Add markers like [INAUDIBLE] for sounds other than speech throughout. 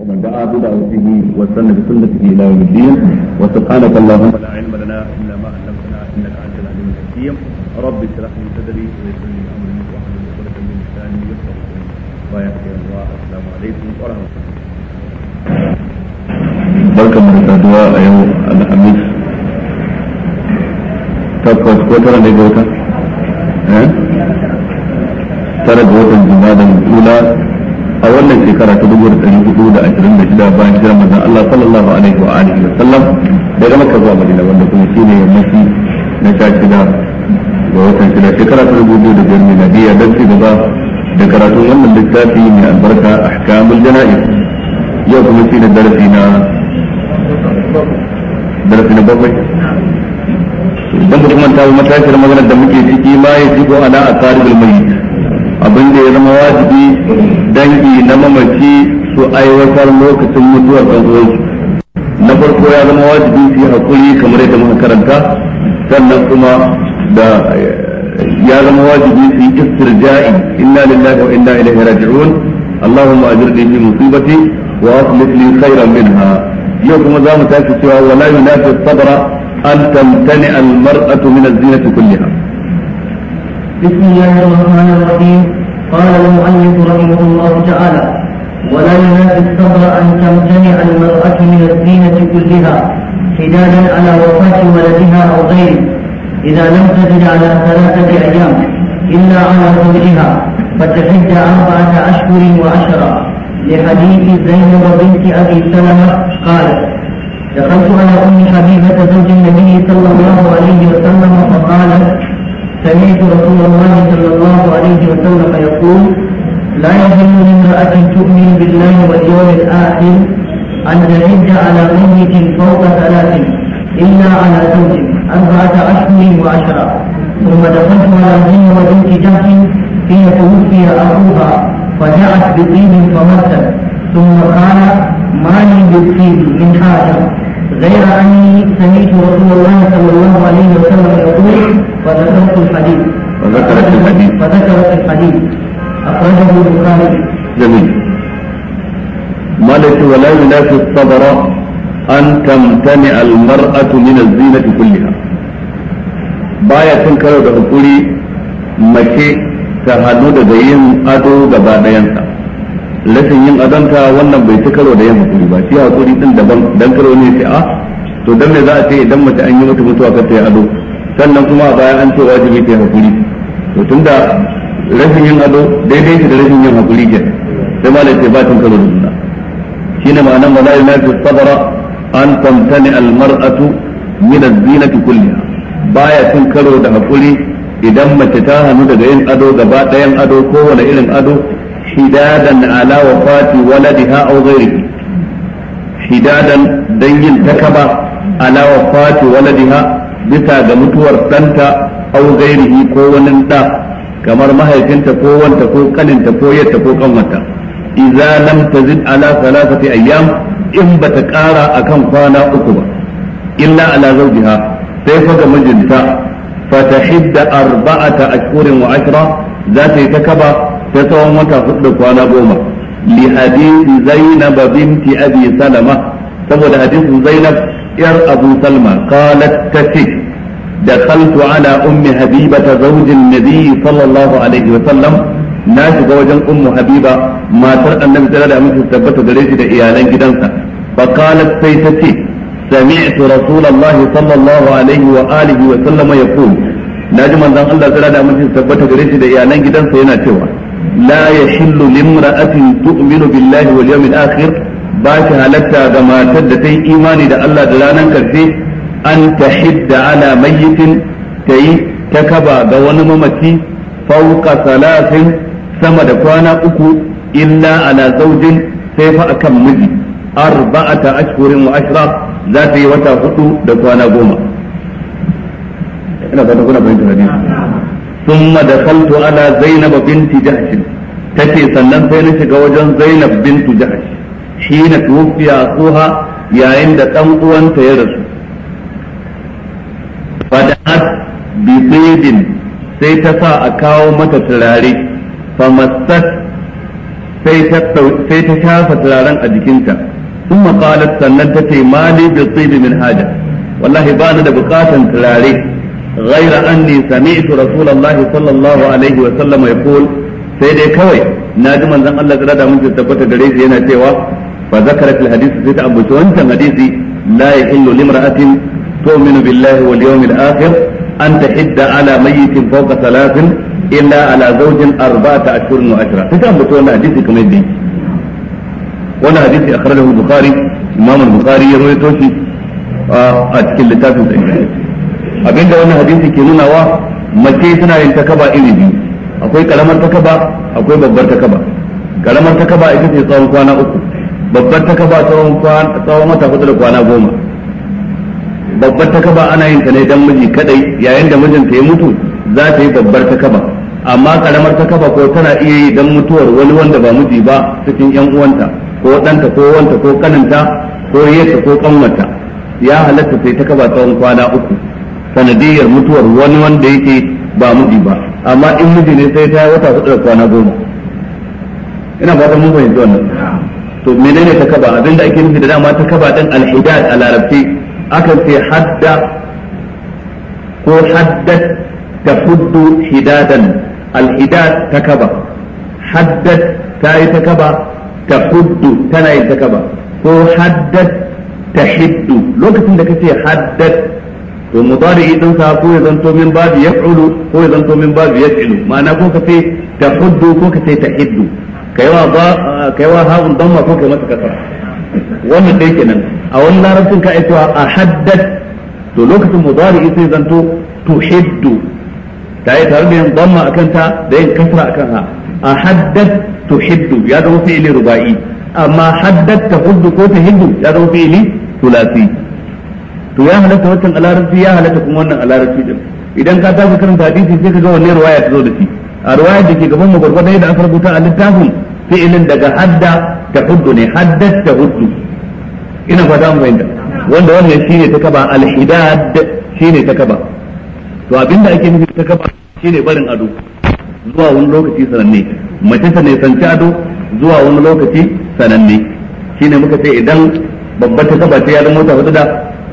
ومن دعا بدعوته واستنى بسنته الى يوم الدين وسبحانك اللهم لا علم لنا الا ما علمتنا انك انت العليم الحكيم رب اشرح لي صدري ويسر لي امري واحلل عقدة من لساني يفقه قولي الله السلام عليكم ورحمه الله barkan mu da saduwa a yau alhamis takwas ko tara ne ga wata tara ga watan juma'a da a wannan shekara ta dubu da ɗari hudu da ashirin da shida bayan jiran manzon Allah sallallahu alaihi wa alihi wa sallam daga maka zuwa Madina wanda kuma shi ne mafi na sha shida ga watan shida shekara ta dubu da biyar miladiyya don ci gaba da karatun wannan littafi mai albarka a ahkamul jana'iz yau kuma shi ne darasi na darasi na bakwai dan kuma ta matashin maganar da muke ciki ma ya ji ko ana a karibul mai abin da ya zama wajibi dangi na mamaci su aiwatar lokacin mutuwar ɗan'uwansu na farko ya zama wajibi su yi haƙuri kamar yadda muka karanta sannan kuma da eh, ya zama wajibi su yi istirja'i inna lillahi wa inna ilaihi raji'un allahumma ajirni fi musibati wa aslih li khayran minha yau kuma za mu tashi cewa wala yunafi sabra an tamtani al mar'atu min az-zinati kulliha بسم الله الرحمن الرحيم قال المؤلف رحمه الله تعالى ولا ينافي الصبر أن تمتنع المرأة من الزينة كلها حدادا على وفاة ولدها أو غيره إذا لم تزد على ثلاثة أيام إلا على زوجها فتحد أربعة أشهر وعشرة لحديث زينب بنت أبي سلمة قالت دخلت على أم حبيبة زوج النبي صلى الله عليه وسلم فقالت سمعت رسول الله صلى الله عليه وسلم يقول لا يهم لامرأة تؤمن بالله واليوم الآخر أن تعد على ميت فوق ثلاث إلا على زوج أربعة أشهر وعشرة ثم دخلت على زينب وبنت جهل هي توفي أخوها فجاءت بطين فمرت ثم قال ما لي بالطيب من حاجة غير أني سمعت رسول الله صلى الله عليه وسلم يقول وذكرت الحديث وذكرت الحديث وذكرت الحديث أخرجه البخاري جميل مالك ولا ينافي الصبر أن تمتنع المرأة من الزينة كلها بايا تنكر karo da hukuri تهدد زين أدو daga yin rashin yin adanta wannan bai ci karo da yin hakuri ba shi hakuri din daban dan karo ne sai a ah, to dan me za a ce idan mace an yi mata mutuwa kar ta yi ado sannan kuma a baya an ce wajibi ta yi hakuri to tunda rashin yin ado daidai shi da rashin yin hakuri ke sai malai ce ba tun karo da juna shine ma'anan wala fi sabara an tamtani mar'atu min az-zinati kulliha baya tun karo da hakuri idan mace ta hannu daga yin ado gaba ɗayan ado kowane irin ado hidadan ala wafati waladiha aw ghairihi hidadan dan yin takaba ala wafati waladiha bisa ga mutuwar danta aw ghairihi ko wani da kamar mahaifinta ko wanta ko kaninta ko yatta ko kanwata idza lam tazid ala thalathati ayyam in bata kara akan kwana uku ba illa ala zawjiha sai fa ga mijinta fatahidda arba'ata ashhurin wa ashra za ta yi ta kaba ta tsawon wata hudu da kwana goma li hadisi zainab binti abi salama saboda hadisin zainab yar abu salma qalat tace دخلت على أم حبيبة زوج النبي صلى الله عليه وسلم na shiga wajen ummu habiba matar annabi tana da aminci tabbata gare shi da iyalan gidansa fa qalat sai ta ce sami'tu rasulullah sallallahu alaihi wa alihi wa sallama yaqul naji manzon Allah tana da aminci tabbata da iyalan gidansa yana cewa la yahillu limra'atin tu'minu billahi wal yawmil akhir ba shi halatta ga matar da ta imani da Allah da ranar karshe an tahidda ala mayyitin ta yi ta kaba ga wani mamaci fauka salafin sama da kwana uku illa ala zaujin sai fa akan miji arba'ata ashhurin wa ashra za ta yi wata hudu da kwana goma ثم دخلت على زينب بنت جحش تتي سنن سي نشيغا وجن زينب بنت جحش حين توفي اخوها yayin da ɗan uwanta ya rasu fadat bi sai ta sa a kawo mata turare famassat sai ta shafa turaren a jikinta sun maƙalar sannan ta ce mali bi tsibi min haja wallahi ba da buƙatan turare غير أني سمعت رسول الله صلى الله عليه وسلم يقول sai dai kawai na ji manzon Allah tsira da mun tabbata gare shi yana cewa fa zakarat al hadith sai ta ambaci wancan hadisi la yahillu limra'atin tu'minu billahi wal yawmil akhir an tahidda ala mayyitin fawqa thalathin illa ala zawjin arba'ata ashhurin wa ashra sai ta ambaci wannan hadisi kamar yadda hadisi ya a cikin littafin sa abinda wannan hadisi ke nuna wa mace tana yin takaba iri biyu akwai karamar takaba akwai babbar takaba karamar takaba ita ce tsawon kwana uku babbar takaba tsawon tsawon wata hudu da kwana goma babbar takaba ana yin ta ne dan miji kadai yayin da mijinta ya mutu za ta yi babbar takaba amma karamar takaba ko tana iya yi dan mutuwar wani wanda ba miji ba cikin yan uwanta ko danta ko wanta ko kaninta ko yayyarta ko kanwata ya halatta sai takaba tsawon kwana uku sanadiyar mutuwar wani wanda yake ba muɗi ba amma in miji ne sai ta wata hudu da kwana goma ina fatan mun fahimci wannan to menene ta kaba abinda ake nufi da dama ta kaba din alhidad a larabci akan ce hadda ko haddat tafuddu hidadan alhidad ta kaba haddad ta yi ta kaba fuddu tana yin ta kaba ko ta hiddu lokacin da kace haddad. to mudari din sa ko ya zanto min babu yaf'ulu ko ya zanto min babu yaf'ilu ma'ana ko ka ce tahuddu ko ka ce hiddu kaiwa ba kaiwa ha'un damma ko kai masa kasara wannan dai kenan a wani larabcin ka aitowa a haddad to lokacin mudari sai zanto hiddu ta yi tare da yin damma akan ta da yin kasra akan ha a haddad hiddu ya zama fi'ili ruba'i amma haddad tahuddu ko ta hiddu ya zama fi'ili thulathi to ya halatta wancan alarabci ya halatta kuma wannan alarabci din idan ka tafi karin hadisi sai ka ga wannan riwaya ta zo da shi a riwayar da ke gaban mu gurgurdan yadda aka rubuta a littafin fi'ilin daga hadda ta huddu ne haddat ta huddu ina fata mu fahimta wanda wannan shine ta kaba Al-Hidda shi shine ta kaba to abinda ake nufi ta kaba shine barin ado zuwa wani lokaci sananne mace ta ne sanci ado zuwa wani lokaci sananne shine muka ce idan babbar ta kaba ta ya zama ta hudu da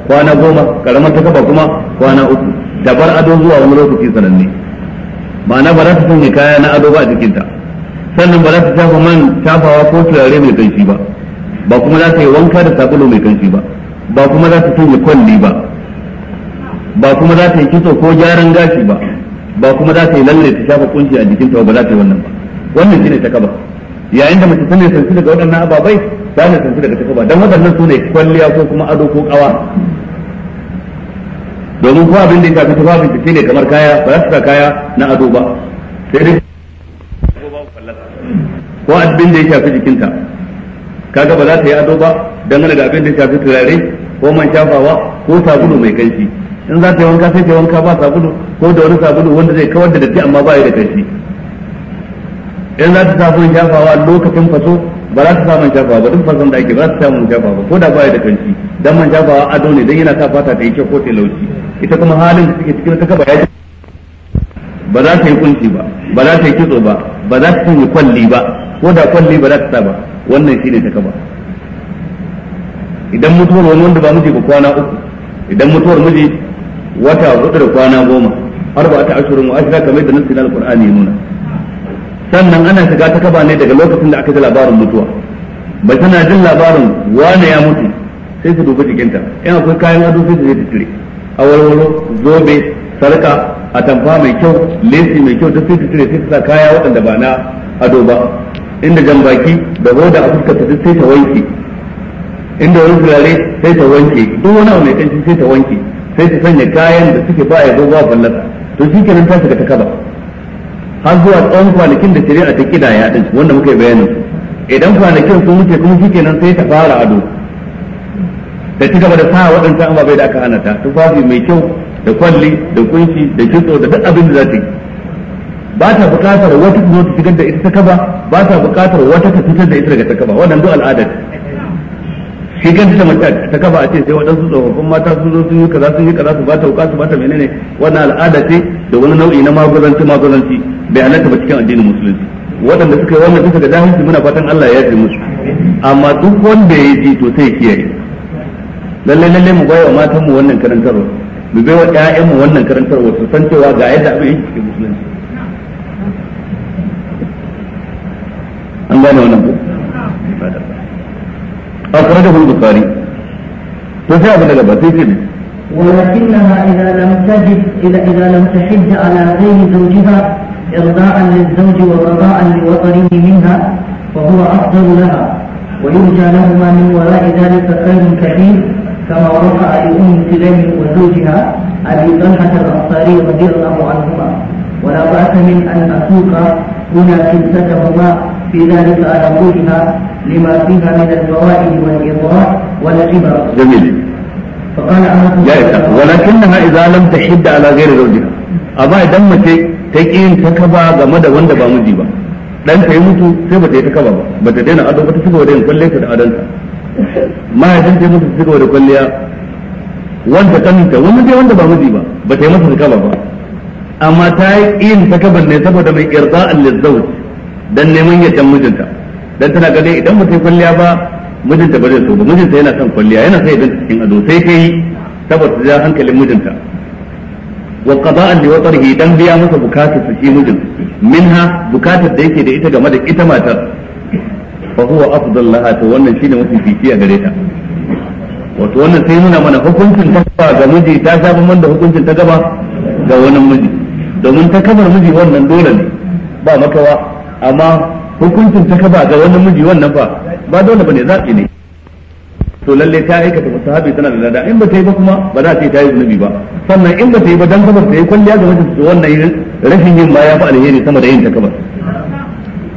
kwana goma karamar ta kafa kuma kwana uku dabar ado zuwa wani lokaci sananne ma'ana ba za ta sanya kaya na ado ba a jikinta sannan ba za ta shafa man shafawa ko turare mai kanshi ba ba kuma za ta yi wanka da sabulu mai kanshi ba ba kuma za ta sanya kwalli ba ba kuma za ta yi kitso ko gyaran gashi ba ba kuma za ta yi lalle ta shafa kunshi a jikinta ba za ta yi wannan ba wannan shine ta kaba yayin da mace sun ne sanci daga waɗannan ababai ba ne sanci daga takaba don waɗannan su ne kwalliya ko kuma ado ko ƙawa domin ko abin da ya shafi tufafin ta ne kamar kaya ba za su sa kaya na ado ba sai dai ko abin da ya shafi jikinta kaga ba za ta yi ado ba dangane da abin da ya shafi turare ko man shafawa ko sabulu mai kanshi in za ta yi wanka sai ta yi wanka ba sabulu ko da wani sabulu wanda zai kawar da datti amma ba ya da kanshi in za ta sa man shafawa lokacin faso ba za ta sa man shafawa ba duk fason da ake ba za ta sa man shafawa ba ko da baya da kanci dan man shafawa ado ne dan yana sa fata ta yi kyau ko ta laushi ita kuma halin da suke cikin ta kaba ya ba za ta yi kunci ba ba za ta yi kitso ba ba za ta yi kwalli ba ko da kwalli ba za ta sa ba wannan shine ta kaba idan mutuwar wani wanda ba miji ba kwana uku idan mutuwar miji wata hudu da kwana goma har ba ta ashirin wa ashirin kamar da nassi na alqur'ani ya nuna sannan ana shiga ta kaba ne daga lokacin da aka ji labarin mutuwa ba tana jin labarin wane ya mutu sai su dubi jikinta in akwai kayan ado sai su je ta cire warwaro zobe sarka atamfa mai kyau lesi mai kyau duk sai ta cire sai ta sa kaya waɗanda ba na ado ba inda jan baki, da hoda a fuskarta duk sai ta wanke inda wani turare sai ta wanke duk wani abu mai kanci sai ta wanke sai ta sanya kayan da suke ba ya zo ba ballata to shi kenan ta shiga ta kaba har zuwa tsawon kwanakin da shari'a ta kidaya din wanda muka bayani idan kwanakin sun wuce kuma shikenan sai ta fara ado da ci gaba da sa waɗanda ababai da aka hana ta tufafi mai kyau da kwalli da kunshi da kitso da duk abin da za ta yi ba ta buƙatar wata ta zo ta shigar da ita ta kaba ba ta buƙatar wata ta fitar da ita daga ta kaba wannan duk al'ada shi kan ta mace ta kaba a ce sai waɗansu tsofaffin mata sun zo sun yi kaza sun yi kaza su ba ta wuka ba ta menene wannan al'ada ce da wani nau'i na maguzanci maguzanci bai halatta ba cikin addinin musulunci waɗanda suka yi wannan suka ga jahilci muna fatan Allah ya yi musu amma duk wanda ya yi to sai kiyaye lalle lalle mu bayar matan mu wannan karantarwa mu bai wa ƴaƴan mu wannan karantarwa su san cewa ga yadda abin yake cikin musulunci an gane wannan ko أخرجه البخاري فجاء من الأبد ولكنها إذا لم تجد إذا, إذا لم تحج على غير زوجها إرضاء للزوج وقضاء لوطنه منها وهو أفضل لها ويرجى لهما من وراء ذلك خير كثير كما وقع لأم سليم وزوجها أبي طلحة الأنصاري رضي الله عنهما ولا بأس من أن أسوق هنا كلتهما في ذلك على وجهها لما فيها من الفوائد والإضرار والعبر. جميل. فقال أنس ولكنها إذا لم تحد على غير زوجها. أما إذا ta ƙi yin ta kaba game da wanda ba miji ba dan ta yi mutu sai ba ta yi ta kaba ba ba ta daina ado ba ta cigaba da yin kwalle ta da adanta mahaifin ta yi mutu ta cigaba da kwalliya wanda kaninta wani dai wanda ba miji ba ba ta yi masa ta kaba ba amma ta yi yin ta kaba ne saboda mai irza'an lizzauj dan neman yadda mijinta dan tana gane idan ba ta yi kwalliya ba mijinta ba zai so ba mijinta yana son kwalliya yana sai idan cikin ado sai ta yi saboda ta ja hankalin mijinta wa qada'an li watarhi dan biya masa bukatar su shi mijin minha bukatar da yake da ita game da ita matar fa huwa afdal laha to mafi fifi a gare ta wato wannan sai nuna mana hukuncin ta ga miji ta sha ban hukuncin ta gaba ga wani miji domin ta kamar miji wannan dole ne ba makawa amma hukuncin ta ga miji wannan ba ba dole ne to lalle ta aikata sahabi tana da lada in ba ta yi ba kuma ba za ta yi ta yi zunubi ba sannan in ba ta yi ba dan kamar ta yi kwalliya ga wajen su wannan rashin yin ma ya fi alheri sama da yin ta kamar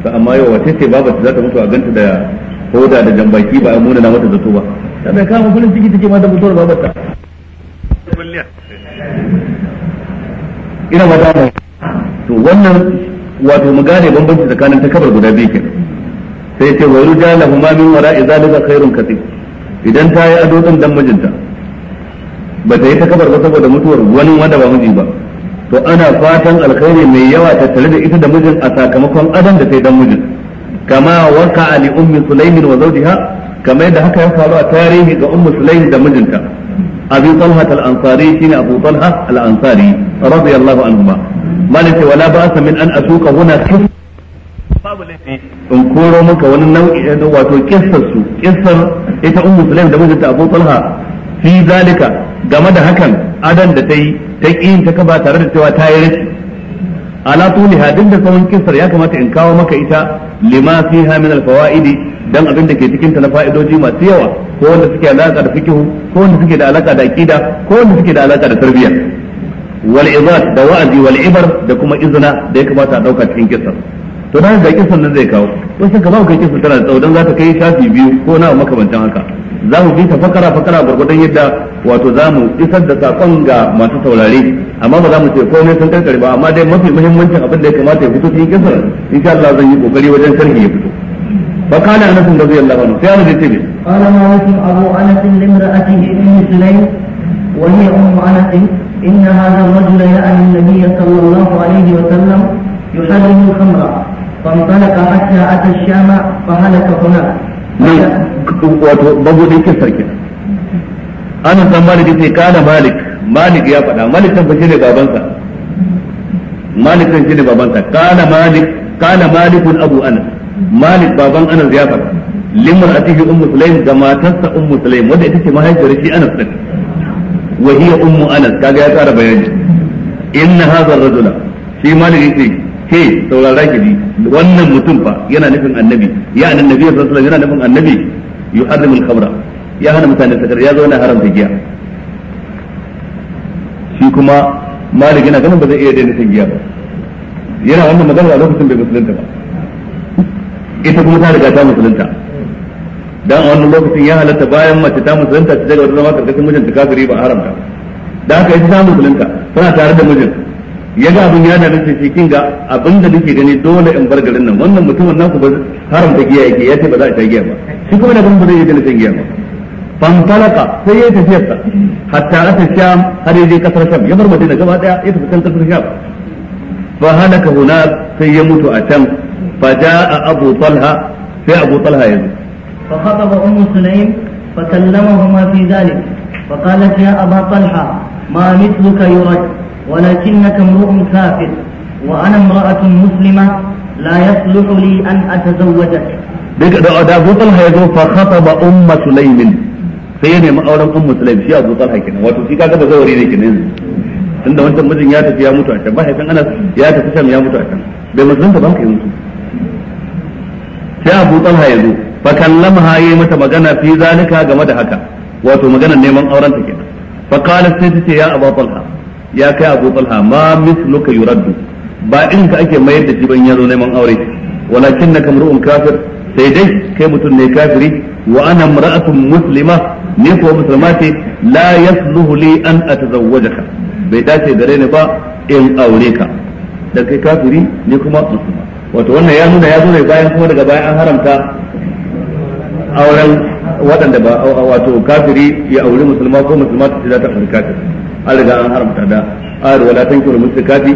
ta amma yau wace ce babar ta za ta mutu a ganta da hoda da jambaki ba a muna na mata zato ba ta bai kama kullum ciki take ma da mutuwar babar ta ina ba mai to wannan wato mu gane bambanci tsakanin takabar guda biyu kenan sai ce wa yurja lahum min wara'i zalika khairun katib idan ta yi ado din dan mijinta ba ta yi ta kabar ba saboda mutuwar wani wanda ba miji ba to ana fatan alkhairi mai yawa tattare da ita da mijin a sakamakon adam da ta yi dan mijin kama waka ali ummi sulaimin wa zawjiha kamar yadda haka ya faru a tarihi ga ummi sulaim da mijinta abi talha al-ansari shine abu talha al-ansari radiyallahu anhuma malaka wala ba'sa min an asuka huna khif babu laifi in koro maka wani nau'i eh, wato kissar su kissar ita ummu sulaim da mijinta abu talha fi zalika game da hakan adan da ta yi ta yin ta kaba tare da cewa ta yi rashi ala tuliha hadin da tsawon kissar ya kamata in kawo maka ita lima fiha min alfawaidi dan abin da ke cikin ta na fa'idoji masu yawa ko wanda suke alaka da fikihu ko wanda suke da alaka da aqida ko wanda suke da alaka da tarbiyya wal da wa'azi wal ibar da kuma izna da ya kamata a dauka cikin kissar to nan ga kisan nan zai kawo sai ka ba ka kisan tana da dan za ta kai shafi biyu ko na makamantan haka za mu bi ta fakara fakara gurgudan yadda wato za mu isar da sakon ga masu taurari amma ba za mu ce komai sun karkare ba amma dai mafi muhimmancin abin da ya kamata ya fito cikin kisan insha Allah zan yi kokari wajen sarki ya fito فقال انس رضي الله عنه في هذا الجبل قال مالك ابو انس لامراته ام سليم وهي ام انس ان هذا الرجل يعني النبي صلى الله عليه وسلم يحرم الخمر فانطلق حتى أتى الشام فهلك هناك wato babudin kisar kenan anas san malik sai kana malik malik ya faɗa malik dan shine sa malik san shine babansa kana malik kana malik abu anas malik baban anas ya faɗa limar atihi ummu sulaim ga matarsa ummu sulaim wanda ita ce mahaifiyar shi anas din wa hiya ummu anas kaga ya kara bayani inna hadha ar-rajula shi malik yake ke saurara ki bi wannan mutum fa yana nufin annabi ya annabi sallallahu alaihi wasallam yana nufin annabi yuharrimu al-khamra ya hana mutane sakar ya zo na haramta giya shi kuma malik yana ganin ba zai iya daina shan giya ba yana wannan magana a lokacin bai musulunta ba ita kuma ta riga ta musulunta dan a wannan lokacin ya halatta bayan mace ta musulunta ta daga wata zama karkashin mijinta kafiri ba haramta da haka ita ta musulunta tana tare da mijin ya ga abin ya dame sai cikin ga abin da nake gani dole in bar garin nan wannan mutumin nan kuma haram da giya yake ya ce ba za a ta giya ba shi kuma da ba zai yi dalilin giya ba talaka sai ya tafi yasa hatta ta sham har yaje kasar sham ya bar madina gaba daya ya tafi can kasar sham fa halaka hunak sai ya mutu a can fa jaa abu talha sai abu talha ya zo fa khataba ummu sulaim fa kallamahuma fi dhalik fa qalat ya aba talha ma mithluka yurad ولكنك امرؤ كافر وأنا امرأة مسلمة لا يصلح لي أن أتزوجك da da Abu Talha ya zo fa khataba umma Sulaim sai ya nemi auren umma Sulaim shi Abu Talha kenan wato shi kaga bazawari ne kenan tunda wancan mijin ya tafi ya mutu a can mahaifin ana ya tafi can ya mutu a can bai musulunta ba ka yi mutu sai Abu Talha ya zo fa kallamaha yayi mata magana fi zalika game da haka wato maganar neman auren ta kenan fa qalat sai ta ce ya Abu Talha ya kai abu talha ma misluka yuraddu ba in ka ake mayar da shi ban yazo neman aure walakin naka mar'un kafir sai dai kai mutum ne kafiri wa ana mar'atun muslima ni ko musulma ce la yasluhu li an atazawwajaka bai dace gare ni ba in aure ka da kai kafiri ni kuma musulma wato wannan ya nuna ya zo ne bayan kuma daga bayan an haramta auren waɗanda ba wato kafiri ya auri musulma ko musulma ta ce za ta auri kafiri an riga an haramta da ayar wala tankiru musrikati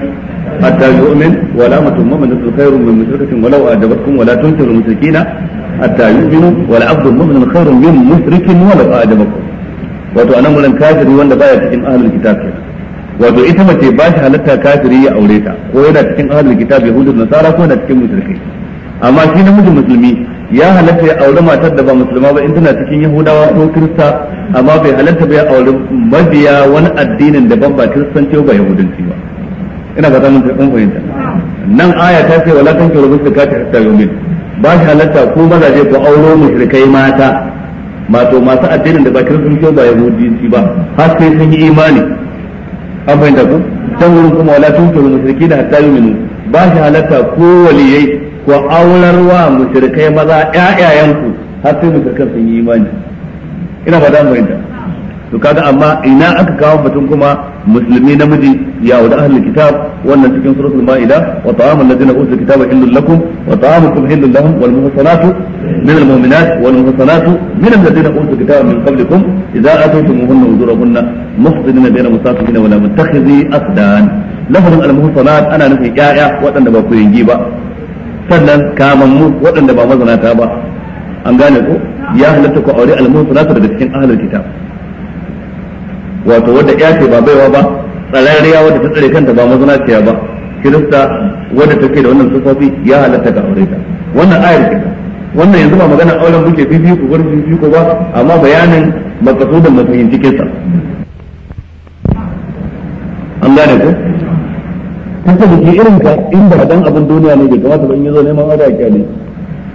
hatta yu'min wala mutumma min khairu min musrikatin wala ajabatkum wala tunkiru musrikina hatta yu'minu wala abdu mu'minun khairun min musrikin walau ajabakum wato anan mulan kafiri wanda baya cikin ahlul kitab wato ita mace ba shi halatta kafiri ya aure ta ko yana cikin ahlul kitab yahudu nasara ko yana cikin musrikai amma shi namiji musulmi ya halatta ya auri matar da ba musulma ba in tana cikin yahudawa ko kirista amma bai halatta ba ya auri mabiya wani addinin da ba kiristanci ba yahudanci ba ina ba mun kun fahimta nan aya ta ce wala kan kiro musu kata hatta yumin ba shi halatta ko mazaje ko auro mushrikai mata mato masu addinin da ba kiristanci ba yahudanci ba har sai sun yi imani an fahimta ku dan wurin kuma wala tun kiro mushriki da hatta yuminu ba shi halatta ko waliyai ku aular wa mushrikai maza ƴaƴayenku har sai mushrikan sun yi imani ina ba dan bayyana to kaga amma ina aka kawo batun kuma musulmi namiji ya wa ahlul kitab wannan cikin suratul maida wa ta'amul ladina utul kitaba illal lakum wa ta'amukum illal lahum wal muhsanatu من المؤمنات والمحصنات من الذين اوتوا الكتاب من قبلكم اذا اتيتموهن اجورهن محصنين غير مسافرين ولا متخذي اقدان لفظ المحصنات انا نفي يا يا ودان ba ku yangi ba sannan mu waɗanda ba mazanata ba an gane ku ya halatta ku aure al-muhin almusulata daga cikin ahlul kitab wato wadda ya ce ba baiwa ba tsararriya wadda ta tsare kanta ba mazanaciya ba kirista wadda take da wannan sufofi ya halatta ka aure ta wannan ayar ce wannan yanzu ba magana auren kuke fifi ku gurin fifi ku ba amma bayanin makasudan mafahimci kinsa an gane ku. kasance irin ka inda dan abin duniya ne bai kamata ba in yazo neman aure a ne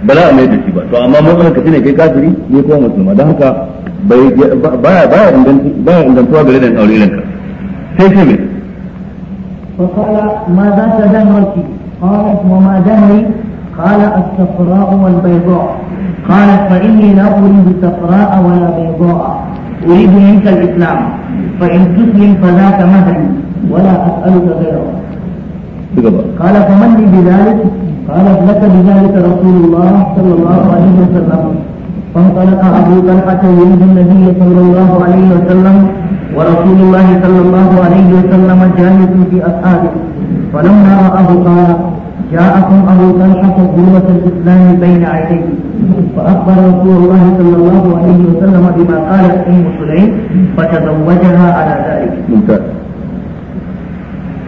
ba za a mai da shi ba to amma san ka shine kai kafiri ne kuma musulma dan haka bai baya baya inganci baya ingantuwa gare da aure irin ka sai sai me فقال ماذا تدمرك؟ قالت وما دمري؟ قال الصفراء والبيضاء قالت فإني لا أريد الصفراء ولا بيضاء islam منك الإسلام فإن تسلم فذاك مهري ولا أسألك غيره قال فمن لي بذلك قال لك بذلك رسول الله صلى الله عليه وسلم فانطلق ابو طلحه يلد النبي صلى الله عليه وسلم ورسول الله صلى الله عليه وسلم جالس في اصحابه فلما راه قال جاءكم ابو طلحه ذروه الاسلام بين عينيه فاخبر رسول الله صلى الله عليه وسلم بما قالت ام سليم فتزوجها على ذلك.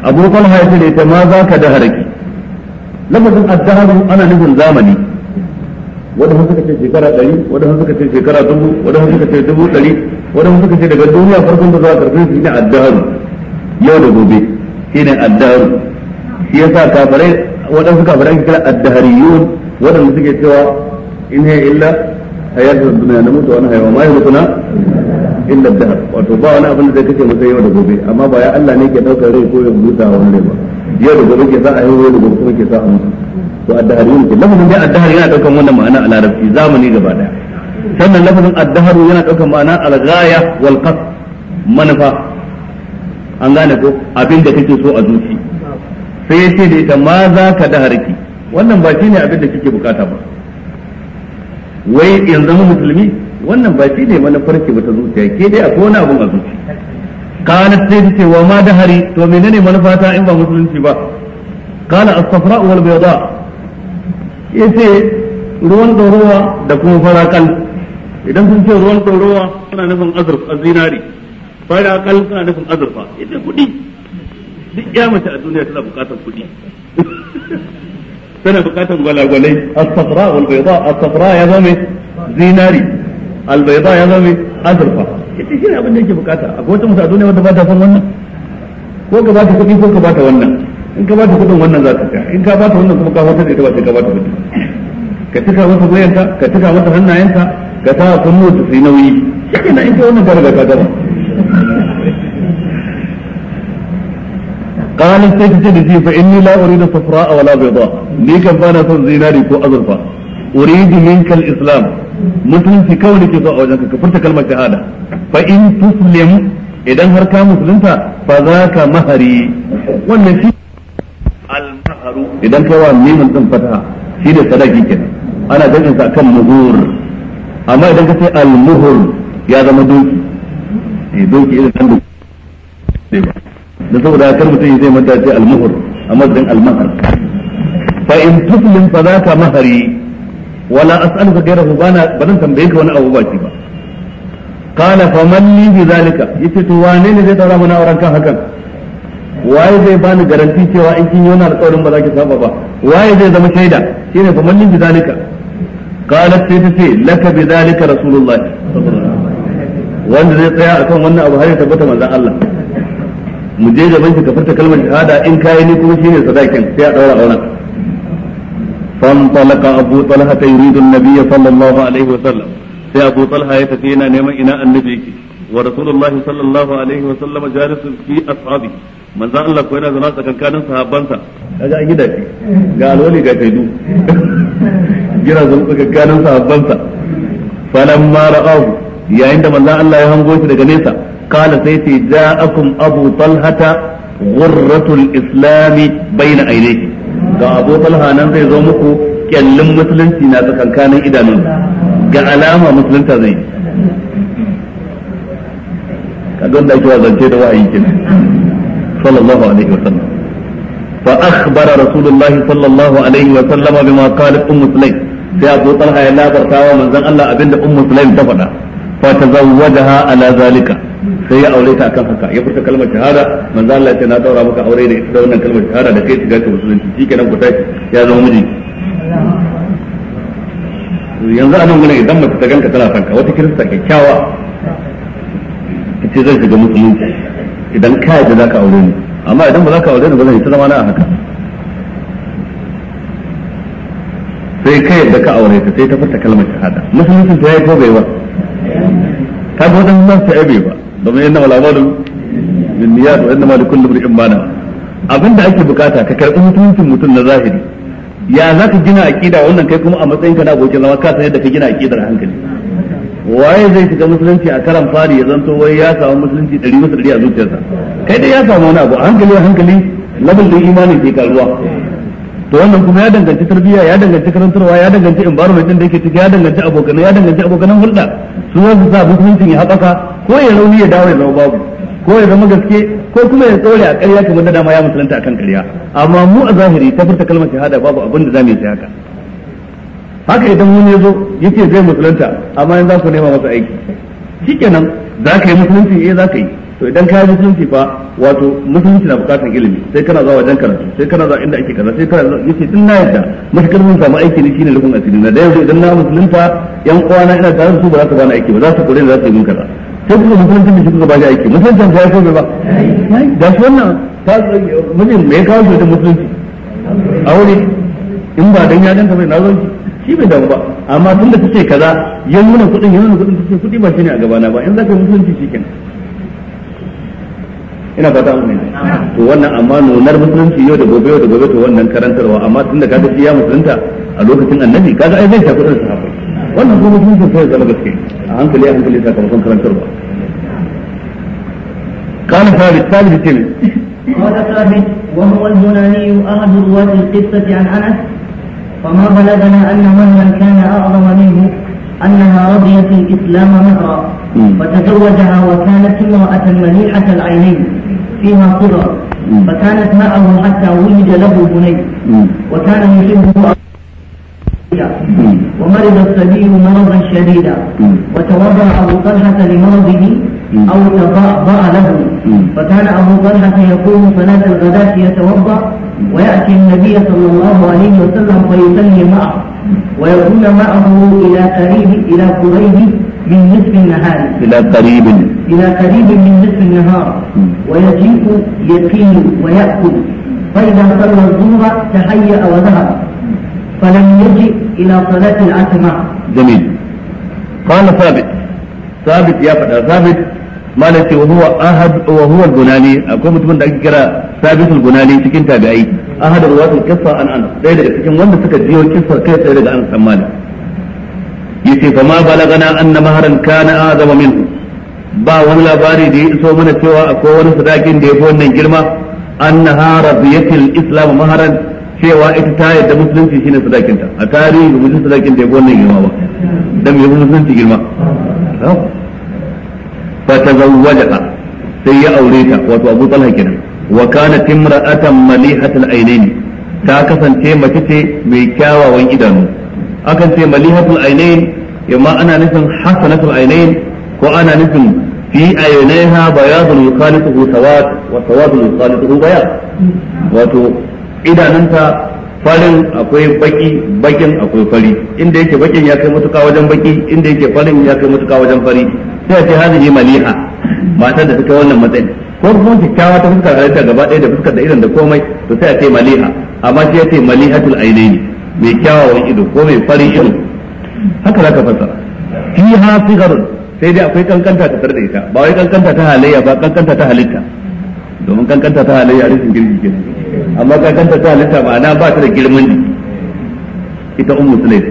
abu talha ya ce ta ma za ka daharaki lafazin addaharu ana nufin zamani wadanda suka ce shekara ɗari wadanda suka ce shekara dubu wadanda suka ce dubu ɗari wadanda suka ce daga duniya farkon da za a karfe su ne addaharu yau da gobe shi ne addaharu shi ya sa kafarai wadanda suka kafarai kira addahariyun wadanda suke cewa in hiya illa hayatul dunya namutu wa wani wa ma yamutuna illa dahar wato ba wani yau da gobe amma ba ne ke daukar rai ko ya a yau da gobe kuma ke sa a mutu to addahar lafazin dai yana daukar a larabci zamani gaba daya sannan abin da kake so a zuci sai ya da ma za ka daharki wannan ba shine abin da kike bukata ba wai yanzu musulmi wannan ba shi ne manufar ki bata zuciya ke dai akwai wani abun a zuci kana sai ce wa ma da hari to menene manufata in ba musulunci ba Kana as-safra wal bayda yace ruwan dorowa da kuma farakal idan sun ce ruwan dorowa suna nufin azur zinari farakal suna nufin azurfa ita kudi duk ya mace a duniya tana bukatar kudi [LAUGHS] tana bukatar gwalagwalai as-safra wal bayda as-safra ya zame zinari albayda ya zama mai azurfa ita shi ne abin da yake bukata akwai wata musa duniya wanda ba ta son wannan ko ka bata kuɗi ko ka bata wannan in ka bata kuɗin wannan za ka sha in ka bata wannan kuma ka hotar da ita ba sai ka kuɗi ka tuka mata wayanta ka tuka mata hannayenta ka sa kunnu ta sai nauyi shi ke in ka wannan garga ka gama قال سيدي سيدي فإني لا أريد صفراء ولا بيضاء لي كان صن زيناري كو أزرفا أريد منك الإسلام musulunci kawai ke so a wajen ka furta kalmar shahada fa in tuslim idan har ka musulunta fa za ka mahari wannan shi al-maharu idan ka wa mimin din fataha shi da sadaki kenan ana dajin sa kan muhur amma idan ka ce al-muhur ya zama doki eh doki irin nan doki da saboda kar mutum zai manta ce al-muhur amma din al-mahar fa in tuslim fa za ka mahari wala as'aluka ghayrahu bana bazan tambaye ka wani abu ba ba qala faman li bi zalika yace to wane ne zai tsara mana auren kan hakan waye zai bani garanti cewa in kin yi wani alƙawarin ba za ki saba ba waye zai zama shaida shine faman li bi zalika qalat sai tace laka bi zalika rasulullahi wanda zai tsaya akan wannan abu har ya tabbata manzon Allah mu je gaban shi ka furta kalmar shahada in kayi ni kuma shine sadakin sai a daura auren فانطلق أبو طلحة يريد النبي صلى الله عليه وسلم sai Abu Talha ya tafi yana neman ina annabi yake wa Rasulullahi sallallahu alaihi wa sallama jalisun fi ashabi manzo Allah ko yana zama tsakankanin sahabbansa kaga an gida shi ga alwali ga taidu gira zama tsakankanin sahabbansa falamma ra'ahu yayin da manzo Allah ya hango shi daga nesa kala sai ce ja'akum Abu Talhata ghurratul islami bayna ainihi ga Abu Talha nan zai zo muku kyallin musulunci na tsakankanin idanun ga alama musulunta zai kaga da ake zance da wa'ayi kenan sallallahu alaihi wasallam fa akhbara rasulullahi sallallahu alaihi wasallam bima qalat ummu sulaim sai Abu Talha ya labarta wa manzon Allah abinda ummu sulaim ta faɗa fa tazawwajaha ala zalika sai ya aure ta akan haka ya furta kalmar shahada manzo Allah ya na daura maka aure da ita wannan kalmar shahada da kai shiga ka musulunci shikenan ku tashi ya zama miji yanzu anan gurin idan mace ta ganka tana sanka wata kirista kyakkyawa ta ce zai shiga musulunci idan ka yadda za ka aure ni amma idan ba za ka aure ni ba zan yi ta zama na haka sai ka yadda ka aure ta sai ta furta kalmar shahada Musulunci ta yayi ko bai ba ta ga wadannan ta yabe ba domin inna wal amalu bin niyyat wa da ma da imrin da abinda ake bukata ka karɓi mutuncin mutum na zahiri ya za ka gina aqida wannan kai kuma a matsayin ka na abokin zama ka san yadda ka gina aqidar hankali waye zai shiga musulunci a karan fari ya zanto wai ya samu musulunci ɗari masu ɗari a zuciyarsa kai dai ya samu wani abu a hankali a hankali labin din imanin ke karuwa to wannan kuma ya danganci tarbiyya ya danganci karantarwa ya danganci environment din da yake ciki ya danganci abokan ya danganci abokan hulɗa su za su sa mutuncin ya haɓaka ko ya rauni ya dawo ya zama babu ko ya zama gaske ko kuma ya tsore a ƙarya kamar da dama ya musulunta akan ƙarya amma mu a zahiri ta furta kalmar shahada babu abin da za mu yi haka haka idan wani ya zo yake zai musulunta amma yanzu za ku nema masa aiki shikenan za ka yi musulunci eh za ka yi to idan ka yi musulunci fa wato musulunci na bukatar ilimi sai kana zuwa wajen karatu sai kana zuwa inda ake kaza sai kana zuwa yace din na yadda matakar mun samu aiki ne shine rufin asiri na da yanzu idan na musulunta yan uwana ina tare da su ba za su bani aiki ba za su kore ni za su yi mun kaza sai kuma musulunci ne kuka ba shi aiki musulunci ya ko bai ba da shi wannan ta mijin me ya kawo shi wajen musulunci aure in ba dan ya danta bai na zo shi bai damu ba amma tun da kace kaza yan nuna kudin yan nuna kudin kace kudi ba shine a gabana ba in zaka musulunci shikenan ina ba ta mun to wannan amma nunar musulunci yau da gobe yau da gobe to wannan karantarwa amma da kaga ya musulunta a lokacin annabi kaga ai zai shafi irin sahabbai wannan kuma musulunci sai zama gaske a hankali a hankali sakamakon karantarwa قال ثابت ثابت التلمي قال ثابت وهو الهناني أحد رواة القصة عن أنس وما بلغنا an مهما كان أعظم منه أنها رضيت الإسلام مهرا فتزوجها وكانت امرأة مليحة العينين فيها صغر فكانت معه حتى ولد له بني وكان يحبه ومرض الصبي مرضا شديدا وتوضا ابو طلحه لمرضه او تضاء له فكان ابو طلحه يقوم صلاه الغداة يتوضا وياتي النبي صلى الله عليه وسلم فيصلي معه ويكون معه الى قريب الى قريب من نصف النهار إلى قريب إلى قريب من نصف النهار ويجيء يقيل ويأكل فإذا صلى الظهر تهيأ وذهب فلم يجئ إلى صلاة العتمة جميل قال ثابت ثابت يا فتى ثابت ما نتي وهو أحد وهو الجناني أكون متمنى ذكر ثابت الجناني تكنت بأي أحد رواة القصة عن أنس ده ده تكن وين تكن ديو القصة كيف ترجع أنس مالك yace fa ma balagana anna maharan kana azama minhu ba wani labari da ya iso mana cewa akwai wani sadakin da ya fi wannan girma annaha rabiyatul islam maharan cewa ita ta yadda musulunci shine sadakin ta a tarihi ba mutum sadakin da ya fi wannan girma ba dan me musulunci girma fa tazawwajaha sai ya aure ta wato Abu Talha kenan wa kanat imra'atan malihatul ainaini ta kasance mace ce mai kyawawan idanu akan ce malihatul ainain imma ana nufin hasanatul ainain ko ana nufin fi ainaiha bayadun yukhalituhu sawad wa sawadun yukhalituhu bayad wato idanunta farin akwai baki bakin akwai fari inda yake bakin ya kai matuka wajen baki inda yake farin ya kai matuka wajen fari sai ce hada yi maliha matar da suka wannan matsayin ko kuma kyakkyawa ta fuskar halitta gaba ɗaya da fuskar da irin da komai to sai a ce maliha amma sai ya ce malihatul ainaini mai kyawawan ido ko mai fari ido haka za ka fassara fiha sigarun sai dai akwai kankanta ta tare da ita ba wai kankanta ta halayya ba kankanta ta halitta domin kankanta ta halayya rashin girgi ke amma kankanta ta halitta ma'ana ba ta da girman ne ita ummu sulaid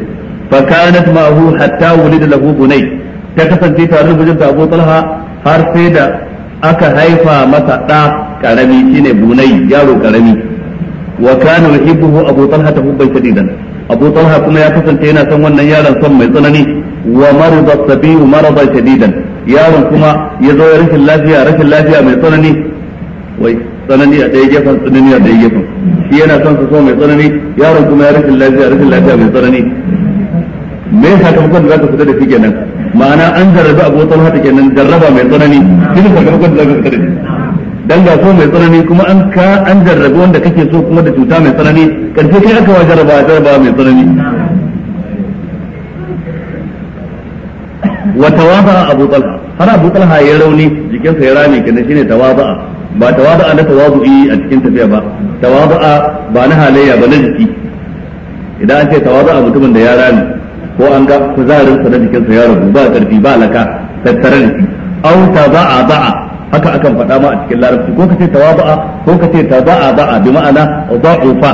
fa kanat ma'ahu hatta wulida lahu bunay ta kasance tare da mijinta Abu Talha har sai da aka haifa masa da karami shine bunay yaro karami wa kana yuhibbu Abu Talha hubban shadidan abu talha kuma ya kasance yana son wannan yaron son mai tsanani wa marida sabiyu marada shadidan yaron kuma ya zo rashin lafiya rashin lafiya mai tsanani wai tsanani a ɗaya gefen tsanani a ɗaya gefen shi yana son su so mai tsanani yaron kuma ya rashin lafiya rashin lafiya mai tsanani me sakamakon da za ka fita da shi kenan ma'ana an jarrabi abu talha kenan jarraba mai tsanani shi ne sakamakon da za fita da shi dan ga ko mai tsanani kuma an ka an jarrabe wanda kake so kuma da cuta mai tsanani karfe kai aka wa jarraba jarraba mai tsanani wa tawaba abu talha har abu talha ya rauni jikinsa ya rame kenan shine tawaba ba tawaba na tawabu'i a cikin tafiya ba tawaba ba na halayya ba na jiki idan an ce tawaba mutumin da ya rame ko an ga kuzarin sa na jikinsa ya rabu ba karfi ba laka tattare da shi au taba'a ba'a haka akan faɗa ma a cikin larabci ko kace tawaba'a ko kace taba'a ba'a bi ma'ana da'ufa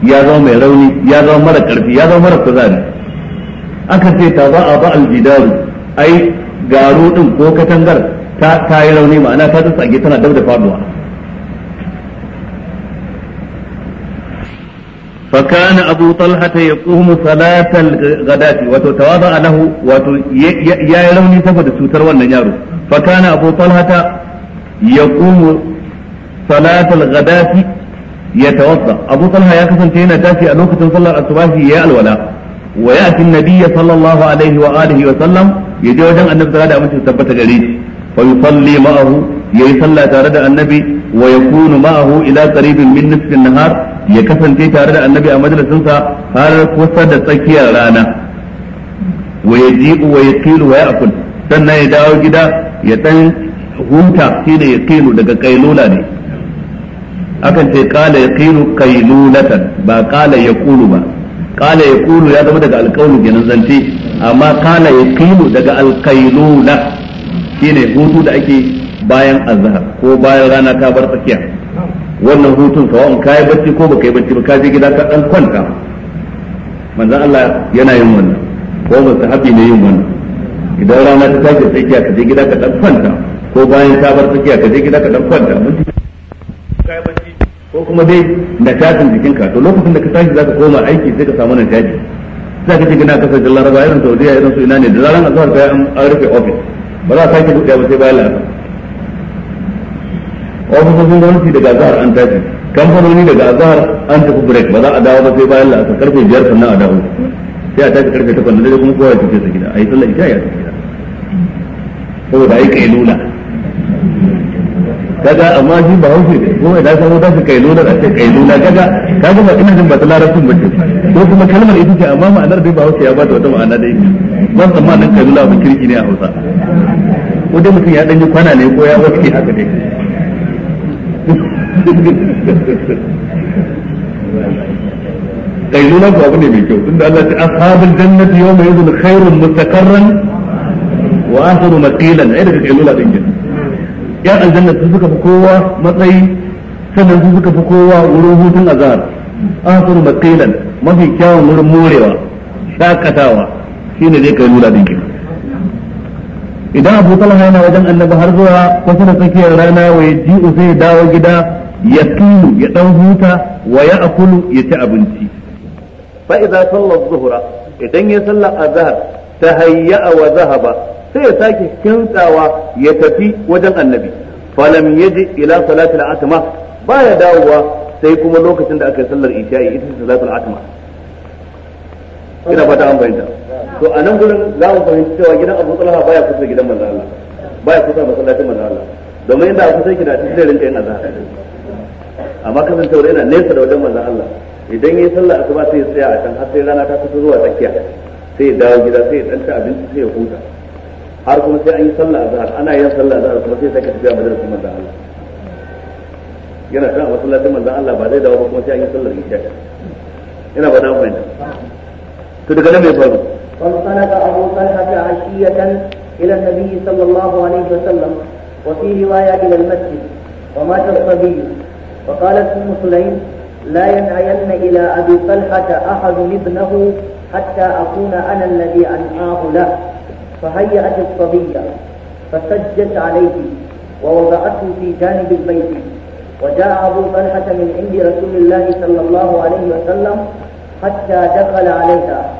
ya zama mai rauni ya zama mara karfi ya zama mara kuzari akan ce taba'a ba aljidaru ai garu din ko katangar ta ta yi rauni ma'ana ta tsage tana dab da faduwa فكان أبو طلحة يقوم صلاة الغداة وتتواضع له وتيلوني سفد سوتر والنجارو فكان أبو طلحة يقوم صلاة الغداة يتوضأ أبو طلحة يكفن تينا تاسي ألوكة صلى الصباح يا الولاء ويأتي النبي صلى الله عليه وآله وسلم يجي وجن النبي صلى الله عليه وسلم ثبت قريب فيصلي معه يصلى تارد النبي ويكون معه إلى قريب من نصف النهار يكفن تي تارد النبي أمجل سنسا هذا وسد تكيا رانا ويجيء ويقيل ويأكل sannan ya dawo gida ya dan hunta shine ya kailu daga kailula ne akan ce kala ya kailu kailulatan ba kala ya kulu ba kala ya kulu ya zama daga alkaulu kenan zance amma kala ya kailu daga alkailula shine hutu da ake bayan azhar ko bayan rana ta bar tsakiya wannan hutun ka yi bacci ko baka yi bacci ba ka je gida ka dan kwanta manzo Allah yana yin wannan ko sahabi ne yin wannan idan rana ta tashi tsakiya ka je gida ka dan kwanta ko bayan ta bar tsakiya ka je gida ka dan kwanta mun kai bacci ko kuma dai na tashin ka to lokacin da ka tashi zaka koma aiki sai ka samu nan tashi za ka ce gina kasar da laraba irin saudiya irin su ina ne da zaran azhar ka an rufe office ba za a sake buɗe ba sai bayan la'asar ofisoshin gwamnati daga azhar an tashi kamfanoni daga azhar an tafi break ba za a dawo ba sai bayan la'asar karfe biyar sannan a dawo sai a tashi karfe takwas da dare kuma kowa ya tafi sa gida a yi sallar isha ya tafi saboda ai kailula kaga amma shi ba hausa ne kuma idan su kai kailula a ce kailula kaga kaga ba ina jin ba ta larabcin ba ko kuma kalmar ita ce amma ma'anar dai ba hausa ya ba da wata ma'ana dai ba nan kai kailula ba kirki ne a hausa ko dai mutum ya danyi kwana ne ko ya waske haka dai kailula ba abu ne mai kyau tunda Allah ya ce ashabul jannati yawma yuzul khairun mustaqarran wa akhiru maqilan ai daga kailula din gina yan aljanna su suka fi kowa matsayi sannan su suka fi kowa wurin hutun azhar akhiru maqilan mafi kyawun wurin morewa dakatawa shine zai kailula din gina idan abu talha yana wajen annabi har zuwa kusa da tsakiyar rana wai ya ji sai dawo gida ya tulu ya dan huta wa ya akulu ya ci abinci fa idza salla adh-dhuhra idan ya salla azhar tahayya wa zahaba sai ya sake kintsawa ya tafi wajen annabi falam yaji ila al atma baya dawowa sai kuma lokacin da aka yi sallar isha'i ita salati al atma ina fata an fahimta to a nan gurin za mu fahimci cewa gidan Abu Talha baya kusa gidan manzo Allah baya kusa masallacin manzo Allah domin inda aka sai kina cikin rinka yin zahar amma kasancewar yana nesa da wajen manzo Allah idan ya sallar asuba sai ya tsaya a can har sai rana ta fito zuwa tsakiya sai ya dawo gida sai ya danta abinci sai ya huta har kuma sai an yi sallah azhar ana yin sallah azhar kuma sai saka tafiya majalisar da Allah yana kan masallacin manzon Allah ba zai dawo ba kuma sai an yi sallar isha ina ba da mai to daga nan mai faru فانطلق أبو طلحة عشية إلى النبي صلى الله عليه وسلم وفي رواية wa المسجد ومات الصبي فقالت ام سليم لا ينعين إلى أبي طلحة أحد ابنه حتى أكون أنا الذي أنعاه له فهيأت الصبية فسجت عليه ووضعته في جانب البيت وجاء أبو طلحة من عند رسول الله صلى الله عليه وسلم حتى دخل عليها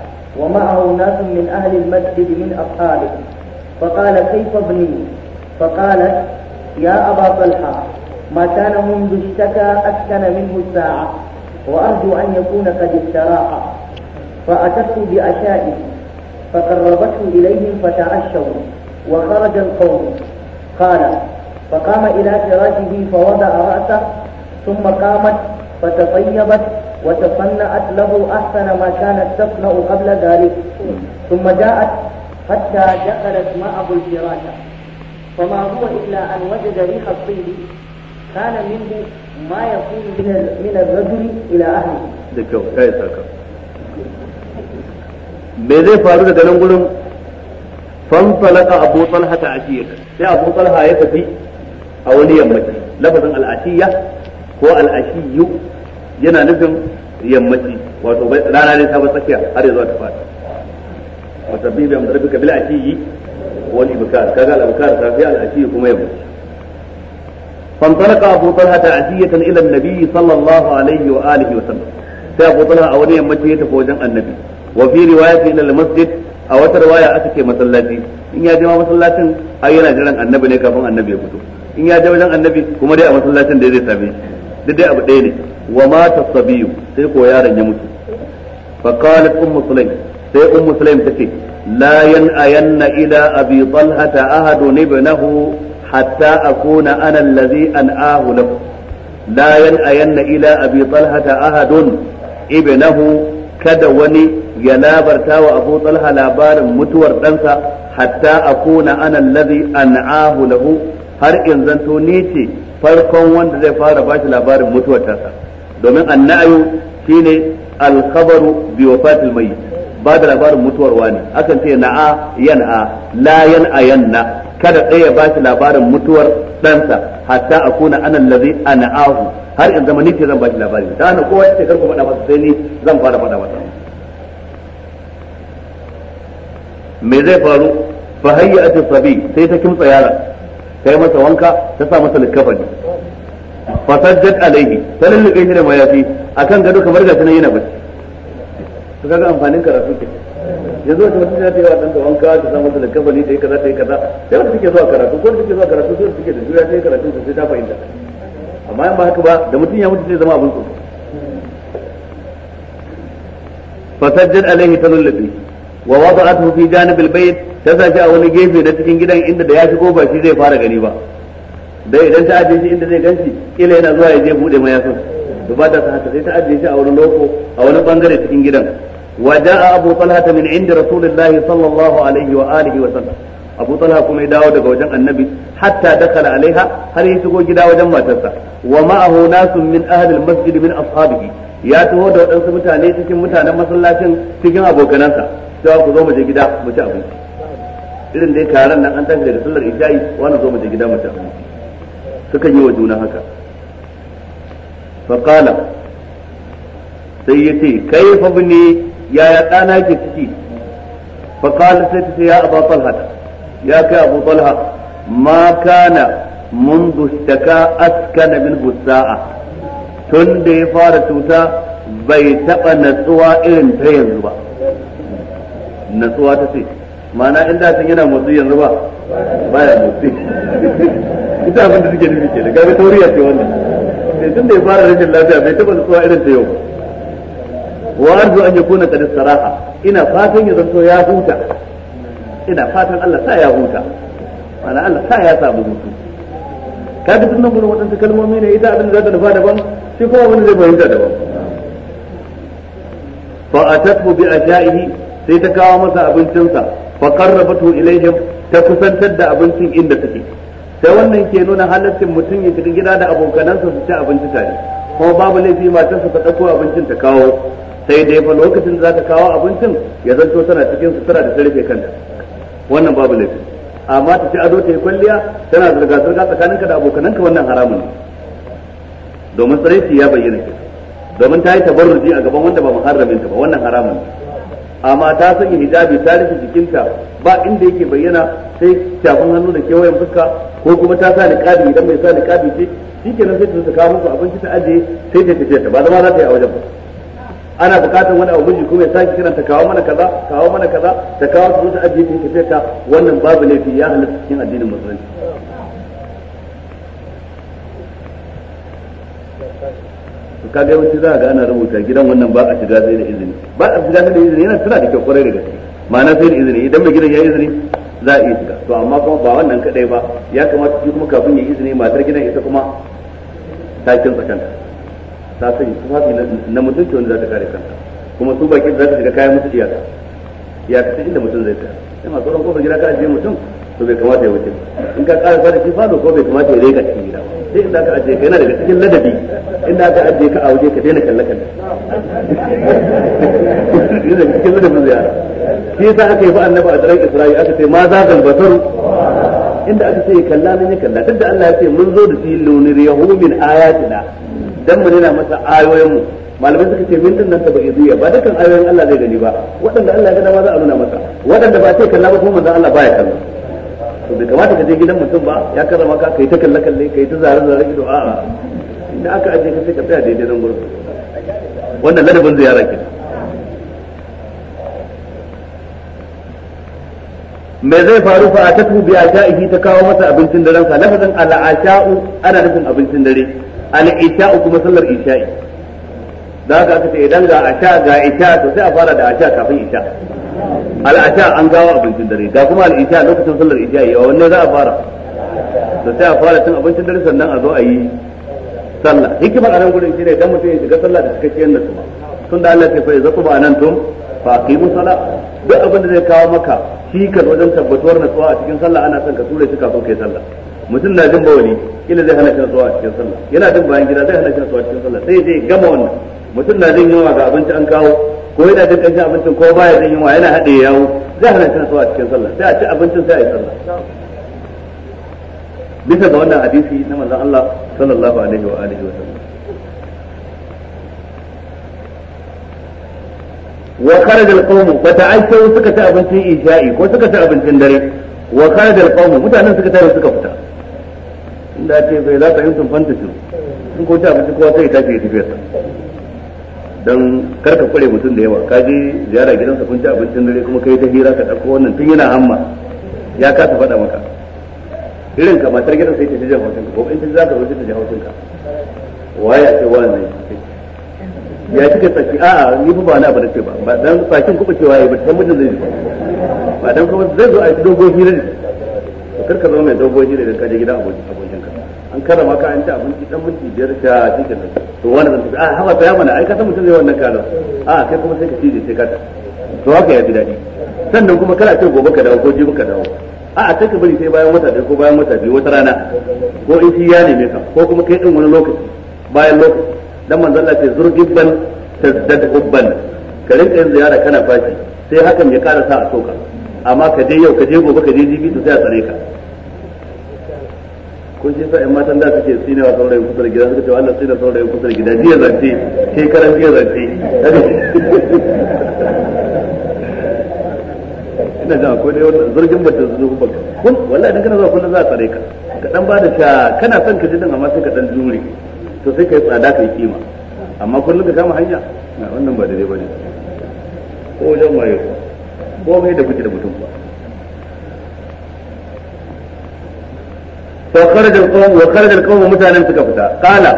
ومعه ناس من أهل المسجد من أصحابه فقال كيف ابني فقالت يا أبا طلحة ما كان منذ اشتكى أسكن منه الساعة وأرجو أن يكون قد استراح فأتته بأشائه فقربته إليهم فتعشوا وخرج القوم قال فقام إلى فراشه فوضع رأسه ثم قامت فتطيبت وتصنعت له أحسن ما كانت تصنع قبل ذلك ثم جاءت حتى دخلت معه الفراش فما هو إلا أن وجد ريح الطيب كان منه ما يكون من الرجل إلى أهله. ذكر me zai faru daga nan gurin fanfalaka abu talha ta ashiya sai abu talha ya tafi a wani yammaci lafazin al'ashiya ko al'ashiyu yana nufin yammaci wato rana ne sabon tsakiya har ya zuwa ta fata wata bibi amma rabbika bil ashiyi wani ibkar kaga al ibkar safiya al ashiyi kuma yammaci فانطلق أبو طلحة عزية إلى النبي صلى الله عليه وآله وسلم sai abu talha a wani yammaci ya tafi wajen annabi wa fi riwayati masjid a wata riwaya aka ce masallaci in ya je masallacin ai yana jiran annabi kafin annabi ya fito in ya je wajen annabi kuma dai a masallacin da zai same shi dai abu ɗaya ne wa mata sabiyu sai ko yaron ya mutu fa qalat ummu sulaim sai ummu sulaim tace la yan'ayanna ila abi talhata ahadun ibnahu hatta ila kada wani ya labarta wa Abu Talha labarin mutuwar ɗansa hatta kuna ana ladi an'ahu lahu har in zanto ni ce farkon wanda zai fara bashi labarin mutuwar tasa domin annayu shine alkhabaru bi wafatil mai ba da labarin mutuwar wani akan ce na'a yan'a la yan'a yanna kada ɗaya ya shi labarin mutuwar ɗansa hatta a kuna anan lazi ana'ahu har in zama ni ce zan shi labarin, da hana kowa ya ce karku faɗa masa sai ni zan fara faɗa masa me zai faru fa hayya ati sabi sai ta kimtsa yaron kai masa wanka ta sa masa likafani fa sajjat alaihi ta lullube shi da mayafi akan gado kamar ga tunan yana bacci to kaga amfanin karatu kenan yanzu wata mutum ya wa ɗan da wanka ta samu da kabali ta yi kaza ta yi kaza da wata take zuwa karatu ko da zuwa karatu sai suke da juriya ta yi karatu sai ta fahimta amma in ba haka ba da mutum ya mutu zai zama abin tsoro fasajjad alaihi lullabi wa a fi jani bayt ta sa shi a wani gefe na cikin gidan inda da ya shigo ba shi zai fara gani ba dai idan ta ajiye shi inda zai gan shi kila yana zuwa ya je buɗe mayafin duba da ta sa haka sai ta ajiye shi a wani loko a wani bangare cikin gidan وجاء أبو طلحة من عند رسول الله صلى الله عليه وآله وسلم أبو طلحة كما يداو وجن النبي حتى دخل عليها هل يشكو جدا وجن ما تسا ومعه ناس من أهل المسجد من أصحابه ya taho da waɗansu mutane cikin mutanen masallacin cikin abokanansa cewa ku zo mu gida mu ci abinci irin dai taron nan an tashi daga sallar isha'i wani zo mu je gida mu ci abinci sukan yi wa juna haka faqala sai yaya ɗana ke ciki fa kala sai ta ya abu talha ya kai abu talha ma kana mun اشتكى askana min busa'a tun da ya fara cuta bai taɓa natsuwa irin ta yanzu ba natsuwa ta ce mana inda sun yana motsi yanzu ba baya motsi ita abin da suke nufi ke da gaba tauriya ce wannan sai tun da ya fara rashin lafiya bai taɓa natsuwa irin ta yau ba wa arju an yakuna qad saraha. ina fatan ya zanto ya huta ina fatan Allah sa ya huta ana Allah sa ya samu hutu kaga tun nan gurin wadansu kalmomi ne ita abin da ta nufa daban shi kuma wani zai fahimta daban fa atatu bi ajaihi sai ta kawo masa abincinsa fa qarrabatu ilaihim ta kusantar da abincin inda take sai wannan ke nuna halaccin mutum ya shiga gida da abokanansa su ci abinci tare kuma babu laifi matarsa ta dauko abincin ta kawo sai dai fa lokacin da zaka kawo abincin ya zanto tana cikin sutura da sarrafe kanta wannan babu laifi amma ta ci ado ta yi kwalliya tana zirga zirga tsakaninka da abokananka wannan haramun ne. domin tsaraici ya bayyana ke domin ta yi tabarruji a gaban wanda ba muharramin ta ba wannan haramun ne. amma ta sanya hijabi ta rufe jikinta ba inda yake bayyana sai shafin hannu da kewayen fuska ko kuma ta sa niqabi idan bai sa niqabi ce shikenan sai ta kawo musu abinci ta ajiye sai ta tafi ta ba zama za ta yi a wajen ba ana bukatar wani abu miji kuma ya sake kiran ta kawo mana kaza kawo mana kaza ta kawo ta zuwa ajiye ta tafiya ta wannan babu fi ya halatta cikin addinin musulunci to kage wuce za ga ana rubuta gidan wannan ba a shiga sai da izini ba a shiga sai da izini yana tana da kyau kwarai da gaske ma'ana sai da izini idan mai gidan ya izini za a iya shiga to amma kuma ba wannan kadai ba ya kamata shi kuma kafin ya izini matar gidan ita kuma ta kinsa kanta ta sani tufafi na mutunci wanda za ta kare kanta kuma su baki za ta shiga kayan ya ta ya ta inda mutum zai ta sai masu ran kofar gida ka ajiye mutum to bai kamata ya wuce in ka kare fara shi fado ko bai kamata ya rega cikin gida sai inda aka ajiye ka yana daga cikin ladabi inda aka ajiye ka a waje ka daina kalle kalle yana daga cikin ladabin ziyara shi yasa aka yi fa annabi a daren Isra'i aka ce ma za zal basaru inda aka ce kalla nan ya kalla duk da Allah ya ce mun zo da fi lunir min ayatina dan mu nuna masa ayoyin mu malamai suka ce min ta bai zuya ba dukkan ayoyin Allah zai gani ba waɗanda Allah ya gada ma za a nuna masa waɗanda ba sai kalla ba kuma manzon Allah baya kalla to bai kamata ka je gidan mutum ba ya karama ka kai ta kalla kalle kai ta zare zare ido a inda aka aje ka sai ka tsaya daidai nan gurbin wannan ladabin ziyara ke me zai faru fa a tatu bi sha'ihi ta kawo masa abincin daren sa lafazin al asha'u ana nufin abincin dare al-isha'u kuma sallar isha'i da haka aka ce idan ga asha ga isha to sai a fara da asha kafin isha al-asha an gawo abincin dare ga kuma al-isha lokacin sallar isha'i yawa wanne za a fara to sai a fara tun abincin dare sannan a zo a yi sallah hikimar anan gurin shine idan mutum ya shiga sallah da cikakkiyar nutsuwa tun da Allah ya fa yazaku ba nan tun fa aqimu sala duk abin da zai kawo maka shi kan wajen tabbatuwar nutsuwa a cikin sallah ana son ka tura shi kafin kai sallah mutum na jin bawani kila zai hana shi tsawo a cikin sallah yana jin bayan gida zai hana shi tsawo a cikin sallah sai zai gama wannan mutum na jin yunwa ga abinci an kawo ko yana jin kanshin abincin ko baya jin yunwa yana haɗe yawo zai hana shi tsawo a cikin sallah sai a ci abincin sai a yi sallah bisa ga wannan hadisi na manzon Allah sallallahu alaihi wa alihi wa sallam wa kharaja al-qawm wa ta'ashaw suka ci abincin isha'i ko suka ci abincin dare wa kharaja al-qawm mutanen suka tare suka fita inda ake bai la ta yuntum fantashin in ko ta abinci kowa sai ta tafi ya tafi don karka kware mutum da yawa kaje ziyara gidansa kun ci abincin dare kuma kai ta hira ka dauko wannan tun yana hamma ya kasa faɗa maka irin ka matar gidan sai ta ji jan hausinka ko in ta za ka wuce ta ji hausinka waye a ce ne ya kika saki a ni ba na ba da ce ba ba dan sakin kuma cewa ya ba ta mutum zai ba ba dan kuma zai zo a dogon hira ne to kar ka zama mai dogon hira da kaje gida abokin ka an karama ka an ci abinci dan mutu biyar ta cikin to wani zan tafi a ah, haba ta mana ai ka san mutum zai wannan kalan a ah, kai kuma sai ka cije sai ka ta to haka ya fi daɗi sannan kuma kana ce gobe ka dawo ko jibi ka dawo a a ka bari sai bayan wata biyu ko bayan wata biyu wata rana ko in shi ya neme ka ko kuma kai din wani lokaci bayan lokaci dan manzon Allah ce zurgibban tazdad ubban ka rinka yin ziyara kana fashi sai hakan ya karasa a soka amma ka je yau ka je gobe ka je jibi to sai a tsare ka ko shi sa'in matan da suke tsine wa saurayin kusa da gida suka ce Allah tsine saurayin kusa da gida jiya zance ke karan jiya zance ina jama ko dai wata zargin bata zo baka kun wallahi idan kana zuwa kullum za a tsare ka ka dan bada sha kana son ka ji din amma sai ka dan jure to sai yi tsada yi kima amma kullum ka kama hanya wannan ba daidai ne ko wajen waye ko mai da kuke da mutum ba fa kharaja al-qawm wa kharaja al-qawm mutanen suka fita qala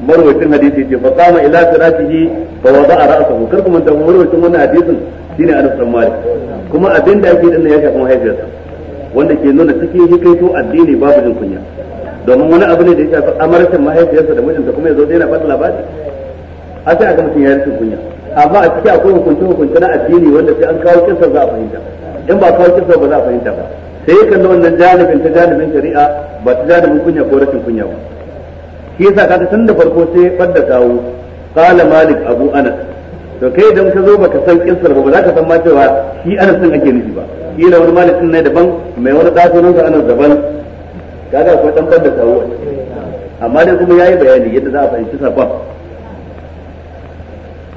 marwayin hadisi ce fa qama ila siratihi fa wada'a ra'sahu kar kuma da marwayin wannan hadisin shine Anas bin kuma wanda ke nuna cikin hikaito addini babu jin kunya domin wani abu ne da ya shafi amarcin mahaifiyarsa da mijinta kuma yazo dai na fata labari a sai aka mutum ya kunya amma a ciki akwai hukunce hukunce na addini wanda sai an kawo kisar za a fahimta in ba kawo kisar ba za a fahimta ba sai yakan da wannan janibin ta janibin shari'a ba ta janibin kunya ko rashin kunya ba shi yasa kaga tun da farko sai ya fadda kawo qala malik abu ana. to kai idan ka zo baka san kissar ba ba za ka san ma cewa shi anas din ake nufi ba yi wani malik din ne daban mai wani dafinin sa anas daban kaga akwai dan fadda kawo amma dai kuma yayi bayani yadda za a fahimci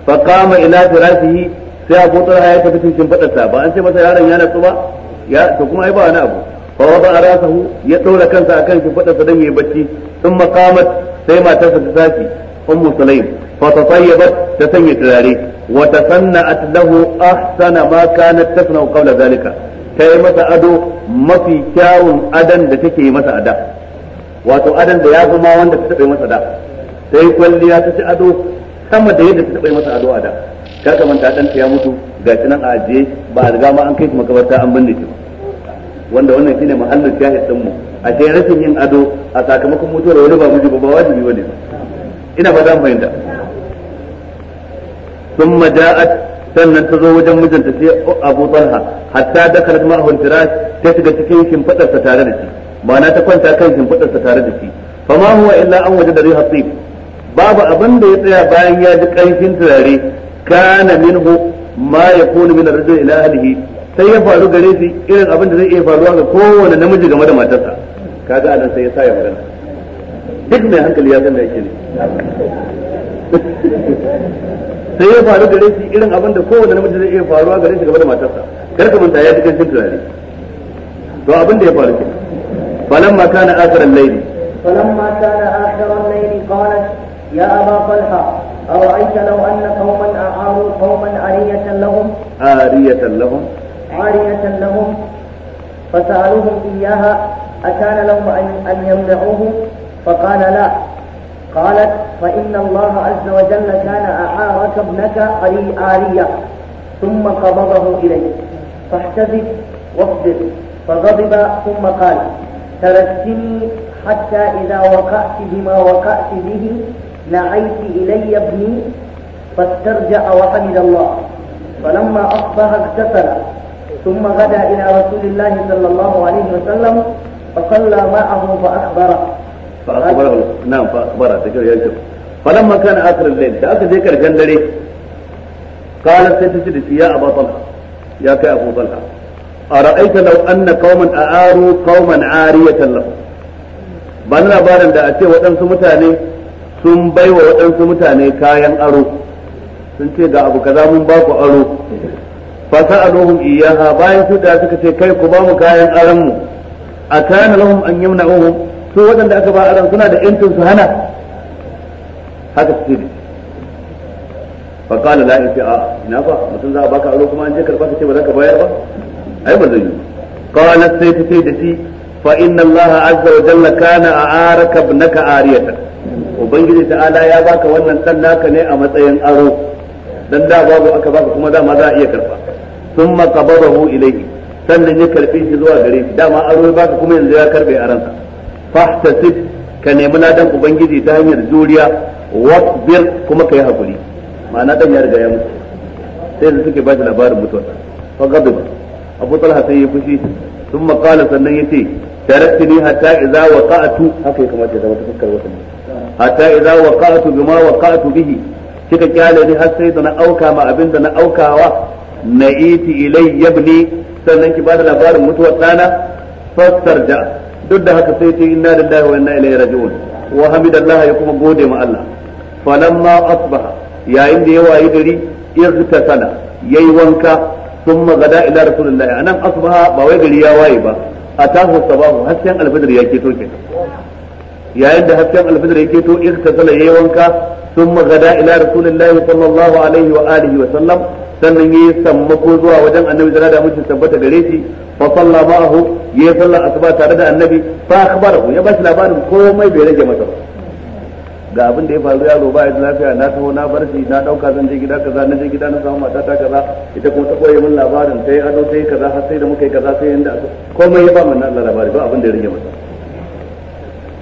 fa kama ila فراشه sai abu talha ya tafi cikin fadarsa ba an ce masa yaron ya tsuba ba ya to kuma ai ba wani abu fa wada rasahu ya daura kansa akan shi fada dan yayi bacci sun maqamat sai matarsa ta tashi ummu sulaim fa tatayyabat ta sanya turare wa tasanna'at lahu ahsana ma kanat tasna'u qabla zalika ta yi masa ado mafi kyawun adan da take yi masa ada wato adan da ya zama wanda ta taɓa masa da sai kwalliya ta ci ado sama da yadda ta taɓa masa ado a da kar ka manta ɗanta ya mutu ga nan a ajiye ba a riga ma an kai shi makabarta an binne shi ba wanda wannan shine mahallin shahid din mu a sai rashin yin ado a sakamakon mutuwar wani ba miji ba wajibi bane ina fata an fahimta ثم جاءت sannan ta zo wajen mijinta sai Abu Talha hatta da kalat ma'ahu firash ta shiga cikin shimfidarsa tare da shi ma'ana ta kwanta kan shimfidarsa tare da shi fa ma huwa illa an wajada riha tsib babu abin da ya tsaya bayan ya ji kanshin turare kana minhu ma yakunu min ar-rajul ila ahlihi sai ya faru gare shi irin abin da zai iya faruwa ga kowane namiji game da matarsa kaga anan sai ya sa ya magana duk mai hankali ya san da yake ne sai ya faru gare shi irin abin da kowane namiji zai iya faruwa gare shi game da matarsa kar ka manta ya cikin turare to abin da ya faru ke ma kana laili balan ma kana akhiran layli qalat ya aba talha أرأيت لو أن قوما أعاروا قوما عارية لهم عارية لهم عارية لهم فسألوهم إياها أكان لهم أن يمنعوه فقال لا قالت فإن الله عز وجل كان أعارك ابنك علي عارية ثم قبضه إليه فاحتسب واصبر فغضب ثم قال تركتني حتى إذا وقعت بما وقعت به نعيت إلي ابني فاسترجع وحمد الله فلما أصبح اغتسل ثم غدا إلى رسول الله صلى الله عليه وسلم فصلى معه فأخبره فأخبره نعم فأخبره تقول يا شيخ فلما كان آخر الليل تأكل ذكر جندري قالت ستجلس يا أبا طلحة يا كأبو طلحة أرأيت لو أن قوما أعاروا قوما عارية لهم ban labarin da a ce waɗansu mutane sun bai wa waɗansu mutane kayan aro sun ce ga abu kaza mun ba ku aro fa sa'aluhum iyyaha bayan su da suka ce kai ku ba mu kayan aran mu akana lahum an yamna'uhum su waɗanda aka ba aran suna da yancin hana haka su ne fa qala la in a ina ba mutum za a baka aro kuma an je karba kace ba za ka bayar ba ai ba zai yi qala sai ta ce da shi fa inna allaha ta'ala ya baka wannan sallaka ne a matsayin aro dan da babu aka baka kuma dama za a iya karba sun makababahu ilaihi sannan ya karbi shi zuwa gare shi dama aro ya baka kuma yanzu ya karbe a ransa fahtasib ka nemi ladan ubangiji ta hanyar juriya wasbir kuma kai hakuri ma'ana dan ya riga ya mutu sai da suke bashi labarin mutuwarsa abu ya fushi ya ce تركتني حتى إذا وقعت هكذا كما تزوى تفكر وسلم حتى إذا وقعت بما وقعت به kika kyale ni har sai da na auka ma abinda na auka wa. na'iti ilai yabni sannan ki bada labarin mutuwar dana da duk da haka sai ce inna lillahi wa inna ilaihi raji'un wa ya kuma gode ma Allah falamma asbaha yayin da ya wayi gari irtasala yayi wanka thumma gada ila rasulillahi anan asbaha ba wai gari ya waye ba atahu sabahu hasken alfajr ya keto yayin da hasken ya keto irtasala yayi wanka thumma gada ila rasulillahi sallallahu alaihi wa alihi wa sallam sannan yayi sammako zuwa wajen annabi da da mutum tabbata gare shi fa salla ma'ahu ya salla asuba tare da annabi fa akhbarahu ya bashi labarin komai bai rage masa ga abin da ya faru yaro ba ya lafiya na taho na bar shi na dauka zan je gida kaza na je gida na samu mata ta kaza ita kuma ta koyi min labarin sai ado sai kaza har sai da muka yi kaza sai inda komai ya ba mun Allah labari ba abin da ya rage masa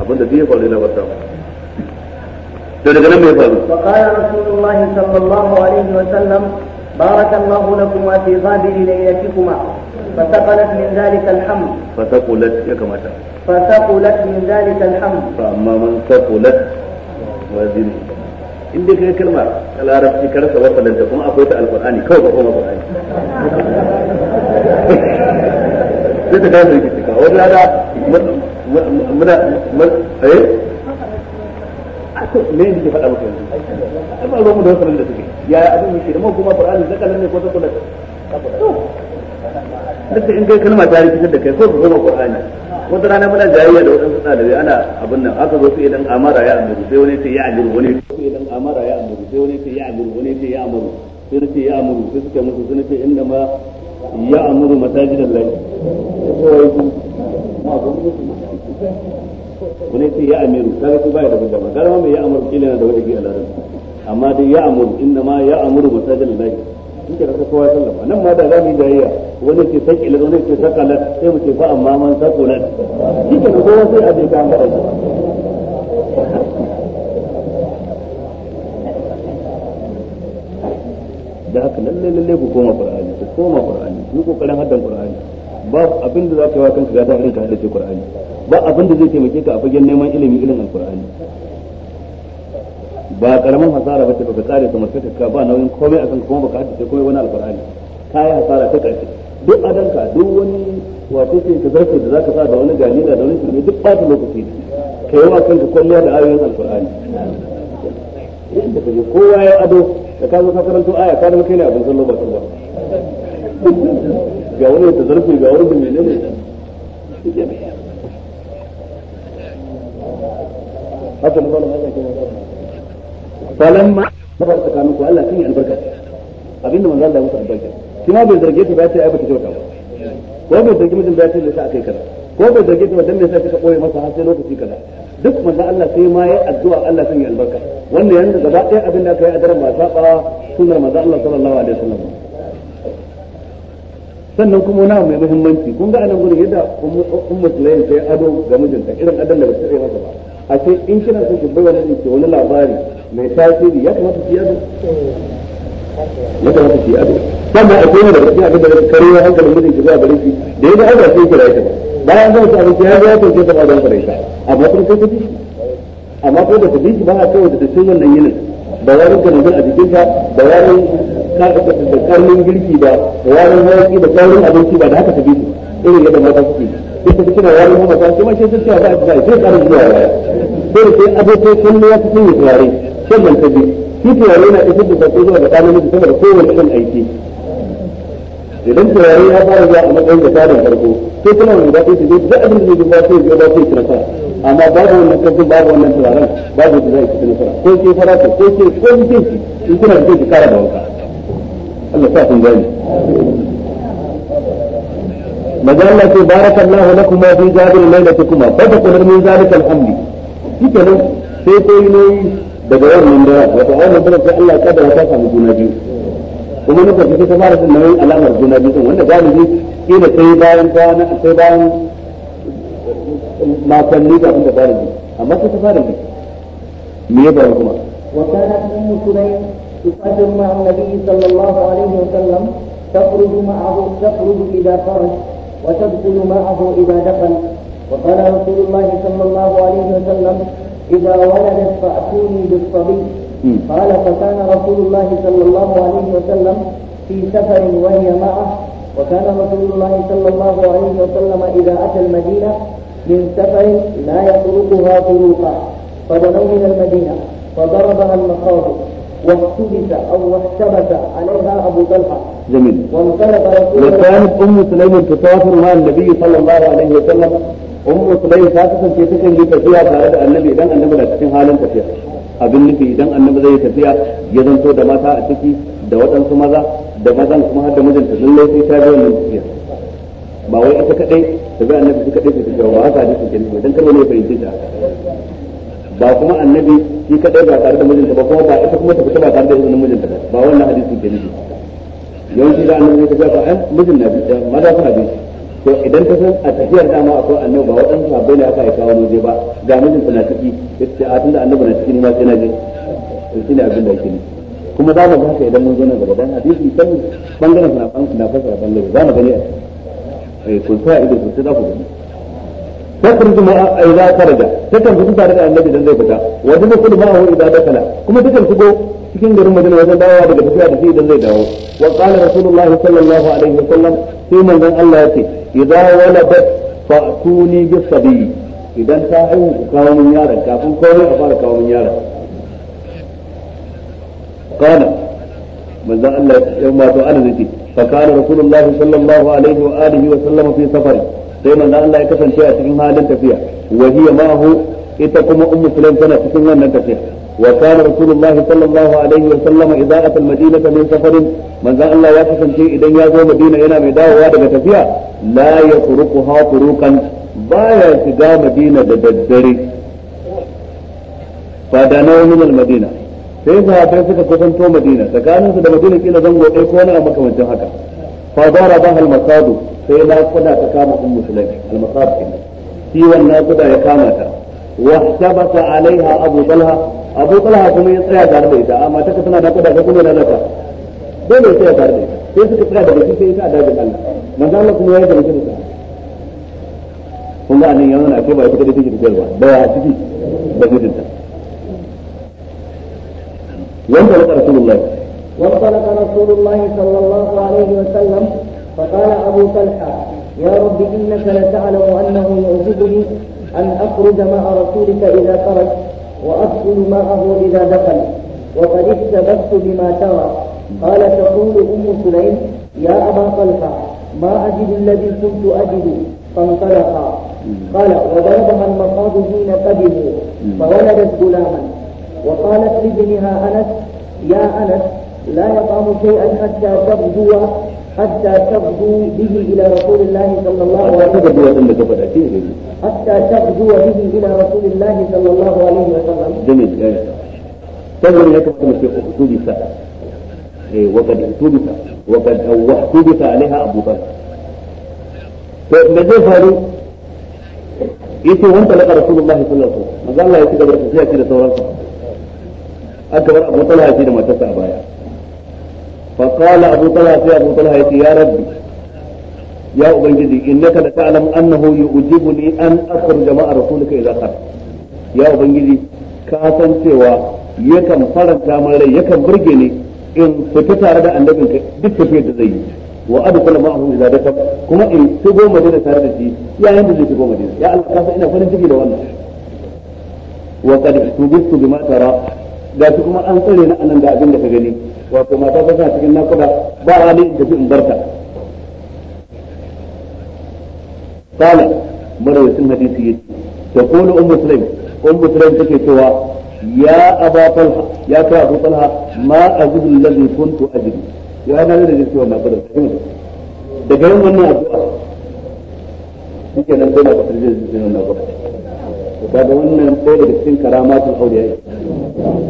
abin da duk ya faru ya labarta to daga nan mai faru fa qala rasulullahi sallallahu alaihi wa sallam بارك الله لكما في غابر ليلتكما فثقلت من ذلك الحمد فثقلت يا كما فثقلت من ذلك الحمد فأما من ثقلت وزن inda kai kalmar larabci ka rasa wasalanta kuma akwai ta alqur'ani kawai ba kuma qur'ani sai ta kawo rikici ka wani lada muna eh ne ne ke faɗa maka yanzu ai ba da wasu da suke abin yake da kuma qur'ani ne ko ta kula duk in kai kalma ta rikitar da kai ko ka zama qur'ani wata rana muna jayayya da wadansu ɗalibai ana abin nan aka zo su idan amara ya amuru sai wani ce ya amuru wani idan amara ya amuru sai wani ce ya amuru wani ce ya amuru sai ce ya amuru sai suka musu sun ce inda ma ya amuru masajidan lahi wani ce ya amiru kaga ko baya da hujja ba gara mai ya amuru kila da wani gila da amma dai ya amuru inda ma ya amuru ba masajil in ka da kowa sallama nan ma da zamu jayya wani ce sai kila wani ce sakala sai mu ce fa amma man sakulan kike da kowa sai a je ka amara da haka lalle lalle ku koma qur'ani ku koma qur'ani ku kokarin haddan qur'ani ba abin da zaka yi wa kanka ga ta irin ka hadace qur'ani ba abin da zai taimake ka a fagen neman ilimi irin alkur'ani ba karamin hasara ba ce baka tsare su masu ka ba nauyin komai a kan kuma baka sai komai wani alkur'ani ka yi hasara ta karfi duk adanka duk wani wato sai ka zarfe da zaka sa da wani galila da wani shirme duk ta lokaci ka yi wa kanka kwalliya da ayoyin alkur'ani yadda ka je kowa ya ado da ka zo ka karanto aya ka zama kai ne abin sallo ba ba ga wani ta zarfe ga wani ne haka na zauna Allah ke falamma sabar tsakanin ku Allah sun yi albarka abinda manzo Allah ya musu albarka shi ma bai zarge ta ba ta ai bata kyauta ba ko bai zarge mijin ba ta da sa akai kaza ko bai zarge ta ba dan me yasa kika koyi masa har sai lokaci kaza duk manzo Allah sai ma yayi addu'a Allah sun yi albarka wannan yanzu gaba ɗaya abin da aka yi a daren ba saba sunnar manzo Allah sallallahu alaihi wasallam sannan kuma wani mai muhimmanci kun ga anan gurin yadda ummu sulaim sai ado ga mijinta irin adan da ba ta yi masa ba a ce in kina so ki bayyana ne ke wani labari mai tasiri ya kamata ki yado ya kamata ki yado da zai karewa ki zuwa da ya ga sai ta ba bayan zai ta abinci ya ga ba don ta amma kuma sai ka ji amma ko da ka ji ba a kawai da cikin wannan yinin da a jikin ka da wani karnin girki da hayaki da abinci ba da haka ta irin yadda mata suke ita cire wani mamata kuma shi ta cewa ba ta zai sai tsarin zuwa baya ko da sai abokai kallo ya fi sanya turare shan mantabi shi turare na isar da sako zuwa ga ɗanin mutu saboda kowane irin aiki idan turare ya fara zuwa a matsayin da tsarin farko sai kuma mai daɗi su zai duk abin da zai ba sai ba sai kira amma babu wannan karfin babu wannan turaren babu da zai kira nasara ko ke farata ko ke ko mutunci in kuna da kai ki kara da wanka Allah sa kun gani مجالة بارك الله لكما في جابر ليلتكما فتقل من ذلك الحمد شكرا sai koyi noyi daga wannan dara wata wannan dara sai Allah kadara ta samu juna biyu kuma na farko ta fara jin nauyin alamar juna biyu wanda galibi kila sai bayan kwana sai bayan makonni kafin ta fara ji amma sai ta fara ji me ya fara kuma وكانت أم سليم تقدم مع النبي صلى الله عليه وسلم تخرج معه تخرج إذا خرج وتدخل معه إذا دخل وقال رسول الله صلى الله عليه وسلم إذا ولدت فأتوني بالصبي قال فكان رسول الله صلى الله عليه وسلم في سفر وهي معه وكان رسول الله صلى الله عليه وسلم إذا أتى المدينة من سفر لا يطرقها طروقا فدنوا من المدينة فضربها المخاض واحتبس او واحتبس عليها ابو طلحه جميل وانطلق رسول وكانت ام سليم تسافر مع النبي صلى الله عليه وسلم ام سليم تاسسا في تكن لتفيا تارد النبي اذا النبي لا تكن حالا تفيا abin nufi idan annabi zai tafiya ya zanto da mata a ciki da waɗansu maza da mazan kuma har da mijinta lallai laifi ta bi nan tafiya ba wai ita kaɗai da bi annabi su kadai su tafiya ba haka hadisi dan kar wani ya fahimci ta ba kuma annabi shi kadai ba tare da mijinta ba kuma ba ita kuma ta fita ba tare da izinin mijinta ba ba wannan hadisi ke nufi yawanci da annabi ta tafiya ba an mijin na ma za eh, maza na biyu to idan ta san a tafiyar dama akwai annabi ba waɗansu sabbai ne aka aika wani waje ba ga mijinta na ciki ya ce a da annabi na ciki ne ma sai na je shi ne abin da yake kuma za mu ga haka idan mun zo nan gaba dan hadisi kan bangaren suna na fasara bangare za mu gani a eh, kun a ido sosai za ku gani تخرج ما إذا خرج تكن فتو tare da annabi dan zai fita wa tadkhulu ma'ahu idza dakala kuma takan shigo cikin garin Madina wajen dawowa daga tafiya da shi idan zai dawo wa qala rasulullahi sallallahu alaihi wasallam sai manzon Allah ya ce idza waladat fa'tuni bis sabi idan ta haihu ku kawo min yaron kafin kawai a fara kawo min yaron qala manzon Allah ya ce wato ana zai ce fa qala rasulullahi sallallahu alaihi wa alihi wa sallam fi safari sai manzo Allah ya kasance a cikin halin tafiya wa hiya ita kuma ummu sulaim tana cikin wannan tafiya wa kana rasulullahi sallallahu alaihi wa sallam idza ata al min safarin manzo Allah ya kasance idan ya zo Madina yana mai dawowa daga tafiya la yafruquha furukan. baya shiga Madina da daddare fadanau min al-madina sai sahabbai suka kusanto Madina tsakaninsu da Madina kila zango ɗaya ko wani a makamancin haka فضربها المصاد sai naƙuda ta kama un musulmi almasab kenan ciwon naƙuda ya kama ta wahtabasa alaiha abu talha abu talha ya tsaya tare da ita amma ta tana naƙuda ta kuma lalata dole ya tsaya tare da ita sai suka tsaya daga a dajin Allah manzo Allah ya yi gamsu da kun ga anan yana ake ba ya fita da take tafiyar ba da ya ciki da gidinta wanda ya rasulullah وانطلق رسول الله صلى الله عليه وسلم فقال أبو طلحة يا رب إنك لتعلم أنه يعجبني أن أخرج مع رسولك إذا خرج وأدخل معه إذا دخل وقد استبدت بما ترى قال تقول أم سليم يا أبا طلحة ما أجد الذي كنت أجد فانطلقا قال وضربها المصاب حين قدموا فولدت غلاما وقالت لابنها أنس يا أنس لا يطعم شيئا حتى تغدو حتى تغدو به الى رسول الله صلى الله عليه وسلم حتى تغدو به الى رسول الله صلى الله عليه وسلم جميل تغدو لك في احتبس وقد احتبس وقد واحتبس عليها ابو طلحه فماذا فعلوا؟ يتي وانت لقى رسول الله صلى الله عليه وسلم قال الله يتي قبل تسيا كده ثورانك اكبر ابو طلحه كده ما تسع بايع فقال أبو طلحة يا أبو طلحة يا ربي يا أبنجدي إنك لتعلم أنه يؤجبني أن أخرج مع رسولك إذا خرج يا أبنجدي كاسن سوى يكم فرد جامل يكم برجني إن فتتعرض أن نبنك بالتفيد زي وأدخل معهم إذا دخل كما إن تبو مدينة تاردتي يا ينبغي تبو مدينة يا الله كاسن إنا فلن تجي لو أنه وقد احتجبت بما ترى da su kuma an tsare na anan da abin da ka gani wato mata ta tana cikin nakuda ba hali da in barta kala marawacin hadisi yace ta kulu ummu sulaim ummu sulaim take cewa ya aba talha ya kai abu talha ma azidu alladhi kuntu ajidu ya na da cewa na fara daga yin wannan addu'a shike nan dole ka tarje zuciyar nan ba kaga wannan ɗaya daga cikin karamatul auliya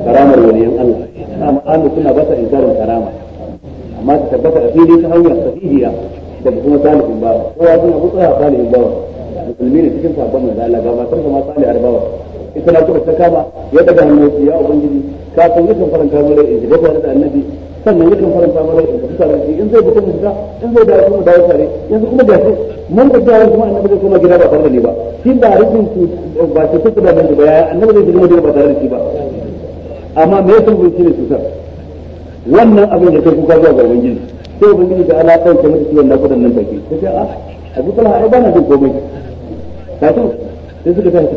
karamar waliyan Allah alu suna ba ta inkarin karama amma ta tabbata a fili ta hanyar sahihiya daga kuma salihin bawa kowa suna mutsaya salihin bawa musulmi ne cikin sabon manzo Allah ga matar kuma salihar bawa ita na kuma ta kama ya daga hannu ya ubangiji ka san yakan faranta mu rai in tare da annabi sannan yakan faranta mu rai in ji tare da in zai fita mu fita in zai dawo kuma dawo tare yanzu kuma gashi mun da dawo kuma annabi zai kuma gida ba tare da ni ba shi ba rikin ba ce kuka da nan ba ya annabi zai kuma gida ba tare da shi ba amma me yasa mun cire cutar wannan abin da kai kuka zuwa ga ubangiji sai ubangiji da ala ɗauke mata ciwon nakudan nan take sai a ah, abu kula ai bana jin komai ka to sai suka tafi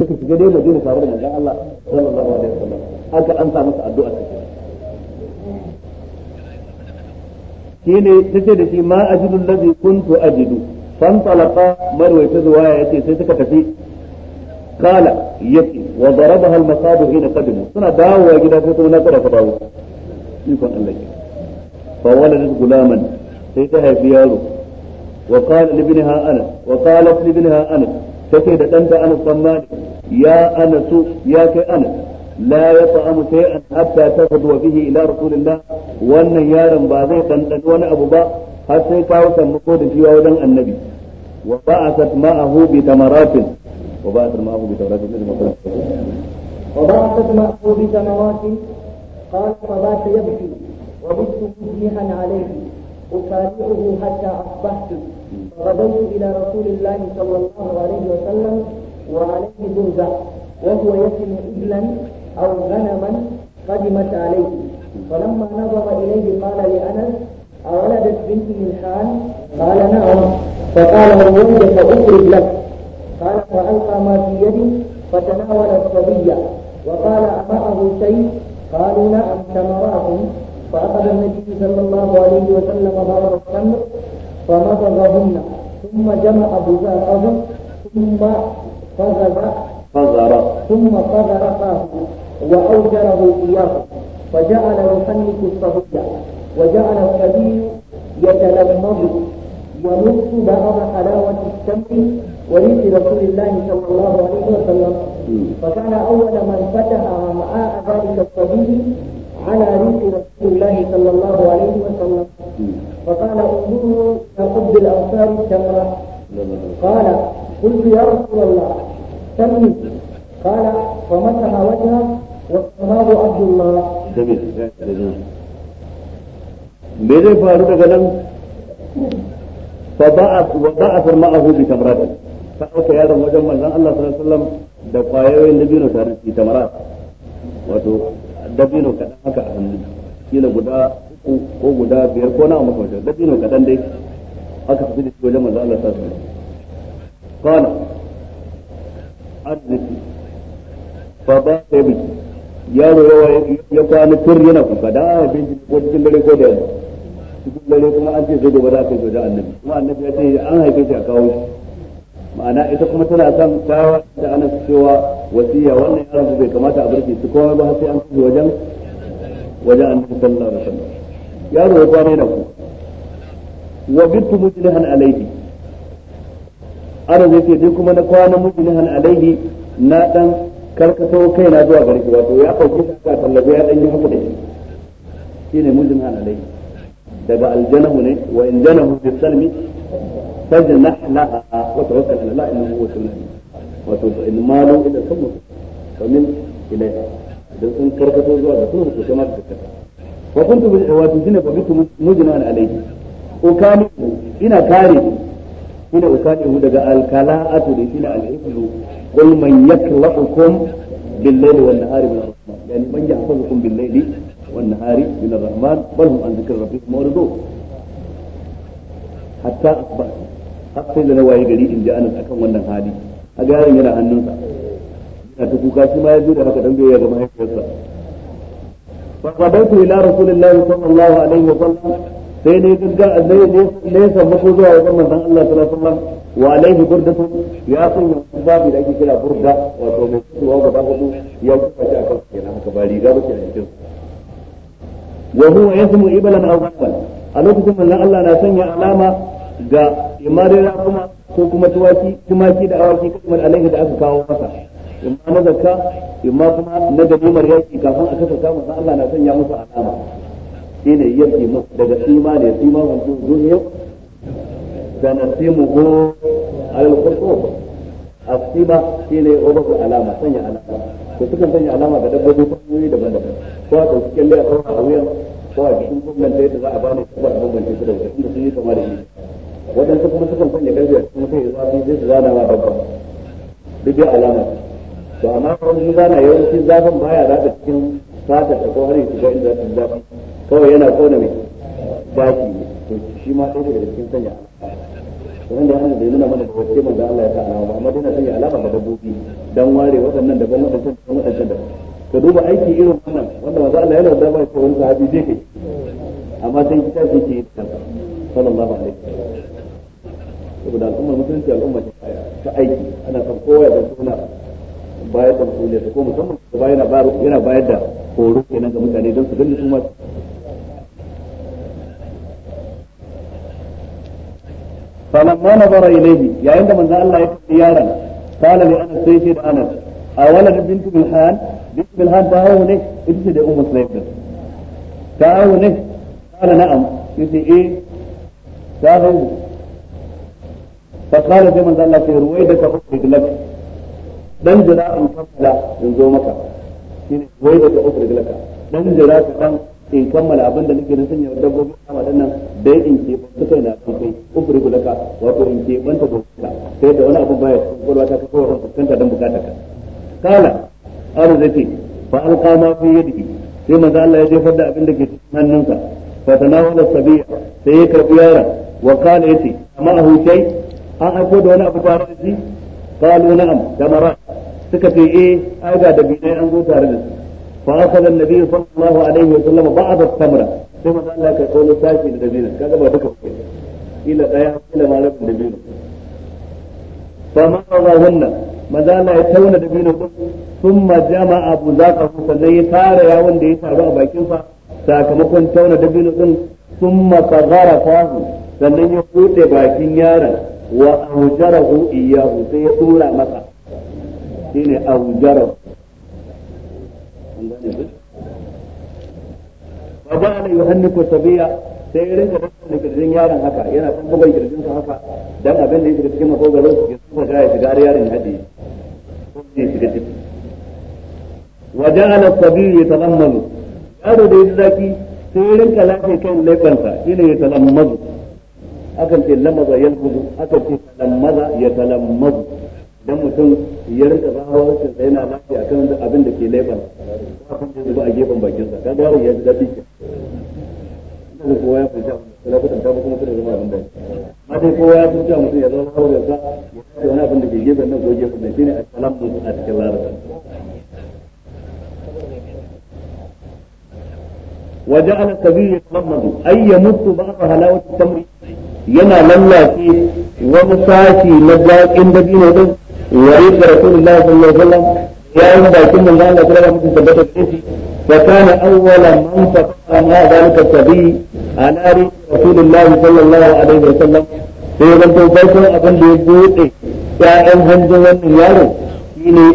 suka suka shiga dai madina tare da manzon Allah sallallahu alaihi wasallam aka an sa masa addu'a ta shine tace da shi ma ajidul ladhi kuntu ajidu fan talaqa marwayta zuwa yace sai suka tafi قال يتي وضربها المصاب حين قدموا سنة داو وجدا فتو نقرا فضاو يكون الله فولدت غلاما سيتها في يارو وقال لابنها أنس وقالت لابنها أنس تكي دتنت أنس ضمان يا أنس يا كأنس لا يطعم شيئا حتى تغدو به إلى رسول الله وأن يارا بازي قندن وأنا أبو با حتى كاوسا مقود في وودن النبي وبعثت معه بتمرات وبعثت معه بتوراة وبعثت معه بسماوات قال فبات يبكي وبت مزمحا عليه أسارعه حتى أصبحت فغدوت إلى رسول الله صلى الله عليه وسلم وعليه برزة وهو يسم إبلا أو غنما قدمت عليه فلما نظر إليه قال لأنس أولدت بنت من قال نعم فقال هو فأخرج لك قال فألقى ما في يدي فتناول الصبي وقال أمره شيء قالوا نعم تمرات فأخذ النبي صلى الله عليه وسلم ضرر التمر فمضغهن ثم جمع بزاقه ثم فزر فزر ثم فزر فاه وأوجره إياه فجعل يحنك الصبي وجعل الصبي يتلمض ونص بعض حلاوة التمر وليد رسول الله صلى الله عليه وسلم فكان أول من فتح أمعاء ذلك الصبي على ريق رسول الله صلى الله عليه وسلم فقال انظروا إلى قبض الأنصار التمرة قال قلت يا رسول الله سمي قال فمسح وجهه والصحاب عبد الله ماذا فارد غدا فضعف وضعف معه بتمرات ta ɗauka yaron wajen manzon Allah sallallahu alaihi wasallam da kwayoyin dabino tare da tamara wato dabino kaɗan haka a hannu kila guda uku ko guda biyar ko nawa makamacin dabino kaɗan dai aka tafi da shi wajen manzon Allah sallallahu alaihi wasallam kana arziki fa ba ta biki yaro yawa ya kwana tur yana kuka da abinci ko cikin dare ko da ya cikin dare kuma an ce sai gobe za ka yi wajen annabi kuma annabi ya ce an haife shi a kawo shi ma'ana ita kuma tana son tawa da ana cewa wasiya wannan yaron bai kamata a barke su kuma ba sai an tafi wajen wajen annabi sallallahu alaihi wasallam yaro ya kwana da ku wa bitu mujlihan alaihi ana zai ce duk kuma na kwana mujlihan alaihi na dan karkato na zuwa gare wato ya dauki ka tallabe ya dan yi haka da shi shine mujlihan alaihi daga aljanahu ne wa in janahu bisalmi سجن لها وتوكل على الله انه هو سنه وتوكل ان مالوا الى ثم فمن اليها اذا ان كركتوا زوا ثم كما تكتب وكنت وتزن فبك مجنا عليه وكانوا الى كارب الى وكانه دغا الكلاء اتري الى الابل قل من يكلفكم بالليل والنهار من الرحمن يعني من يحفظكم بالليل والنهار من الرحمن بل هم عن ذكر ربكم وارضوه حتى اصبحتم har sai da na waye gari in ji anan akan wannan hali a ga yaron yana hannunsa yana ta kuka shi ma ya zo da haka dan bai ya gama ga mahaifiyarsa fa qadaitu ila rasulillahi sallallahu alaihi wa sallam sai ne gagga ne ne samu ko zuwa wajen manzon Allah sallallahu alaihi wa sallam wa alaihi burdatu ya sanya babu da ake kira burda wato mai kuwa gaba hudu ya kuma shi akan kenan haka ba riga ba ke a cikin wa huwa yasmu ibalan aw ghalan a lokacin manzon Allah na sanya alama ga imma dai kuma ko kuma tuwaki tumaki da awaki kamar alaihi da aka kawo masa imma na zakka imma kuma na ganimar yaki kafin a kasa samu san Allah na sanya musu alama shine yaki mu daga sima ne sima wanzu duniya da na nasimu go alal qur'an asima shine obaku alama sanya alama ko sukan sanya alama ga dabbobi ko daban-daban ko a ɗauki kyalle a kawo a wuyan ko a jikin gwamnati yadda za a bani ko a bambance su da wasu inda sun yi kama da shi waɗansu kuma sukan kwanye karfe sun kai zafi sai su zana ma babba duk dai alama to amma wani zana yawanci zafin baya zaka cikin sata ta ko har yanzu ga inda zafin zafi kawai yana kona mai daki to shi ma ɗaya daga cikin sanya wanda ya hana da ya nuna mana da wacce manzo Allah ya sa alama ba amma dai sanya alama ga dabbobi dan ware waɗannan daban waɗancan daban waɗancan daban ka duba aiki irin wannan wanda manzo Allah yana da ba shi wani sahabi zai kai amma sai kitabi ke yi kansa sallallahu alaihi wasallam saboda al'ummar musulunci al'umma ce ta aiki ana son kowa ya zanto na bayar da masuliyar ko musamman gaba yana yana bayar da horo kenan ga mutane don su gani su ma فلما نظر إليه يا عند ذا الله قال بنت بنت da ummu sulaim ta hawo shahin فقال زي ما قال لك رويدك أخرج لك دم جراء مكملة من زومك رويدك أخرج لك دم جراء كم in kammala abin da nake na sanya dabbobi a waɗannan dai in ke banta kai na kan kai ku gulaka wato in ke banta gulaka sai da wani abu baya kwakwalwa ta kafa wurin fuskanta don bukata ka kala abu zai ce fa alqa ma fi yadihi sai manzo Allah ya jefar da abin da ke cikin hannunsa fa tanawala sabiya sai ya karɓi yaron wa qala yati amma ahu an aiko da wani abu tare da shi qalu na'am tamara suka ce eh ga da an zo tare da su fa akhadha an-nabi sallallahu alaihi wa sallam ba'd at-tamra sai manzo Allah ka kawo da dabino kaga ba duka ba ila daya ila malamin dabino fa ma rawahunna manzo Allah ya tauna dabino din thumma jama'a buzaqahu ya tara yawon da ya taru a bakin sakamakon tauna dabino din thumma qadara fahu sannan ya bude bakin yaron wa aujarahu iyahu sai ya dora masa shine aujarahu fa hannu ko tabiya sai ya rinka da kirjin yaron haka yana kan bugan kirjin sa haka dan abin da yake cikin makogaro ya tsufa ga ya shiga yaron hadi ko ne shiga ciki wa ja'ala sabiya yatalammalu yaro da yake zaki sai ya rinka lafiya kan shine akan ce lamaza yalfuzu akan ce lamaza ya talamazu dan mutum ya rinka zahawa wajen yana lafiya kan abin da ke laifin abin da zuba a gefen bakin sa kaga ya ji daɗi ke ina kowa ya fita kula kudan ta kuma zama abin da ma dai kowa ya fita mutum ya zama ya ce wani abin da ke gefen nan ko gefen nan shine a cikin وجعل السبيل يتلمذ اي يمت بعض هلاوه التمر yana lallace wani sashi na zaƙin dabino din wa yi da rasulullahi sallallahu alaihi wasallam ya yi bakin manzo lalata sallallahu alaihi wasallam tabbata da shi wa kana awwala man faqama ma zalika tabi ala rasulullahi sallallahu alaihi wasallam sai zan to farkon abin da ya bude ya'yan hanjin wannan yaro shine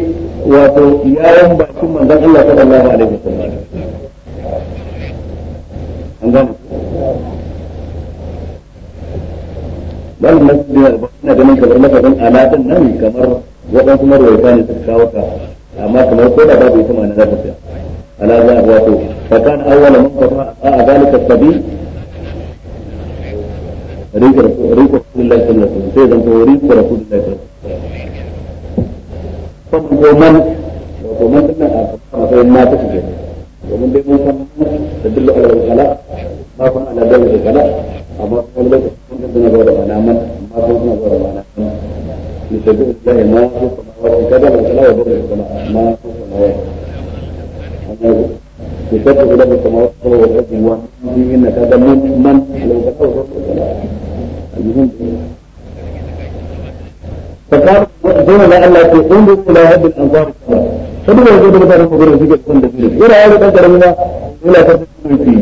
wato yayan bakin manzo Allah sallallahu alaihi wasallam an gane bal masjid ina ganin kamar lafazin alatin nan kamar waɗansu marwaita ne suka kawo ka amma kamar ko da babu ita ma'ana za ta tsaya ala za a wato fakan awwala man fata a zalika sabi riko riko rasulullahi sallallahu alaihi wasallam sai zanto riko rasulullahi sallallahu alaihi wasallam man wato man dinnan a matsayin mata suke domin dai mun san da dillu ala ala ma fa ala dalil ala amma wani lokaci sun kan suna zuwa da ma'ana man amma sun suna zuwa da ma'ana man yusabbihu lillahi ma fi samawati kada ma kana wa dole kuma ma fi samawati amma yusabbihu lillahi samawati kada wa dole wa fi inna kada man man law ka tawu المهم فقال دون الله يقول الى هب الانظار فدون وجود مثلا مدير الفكر كن دبير الى هذا القدر منا ولا تدخل فيه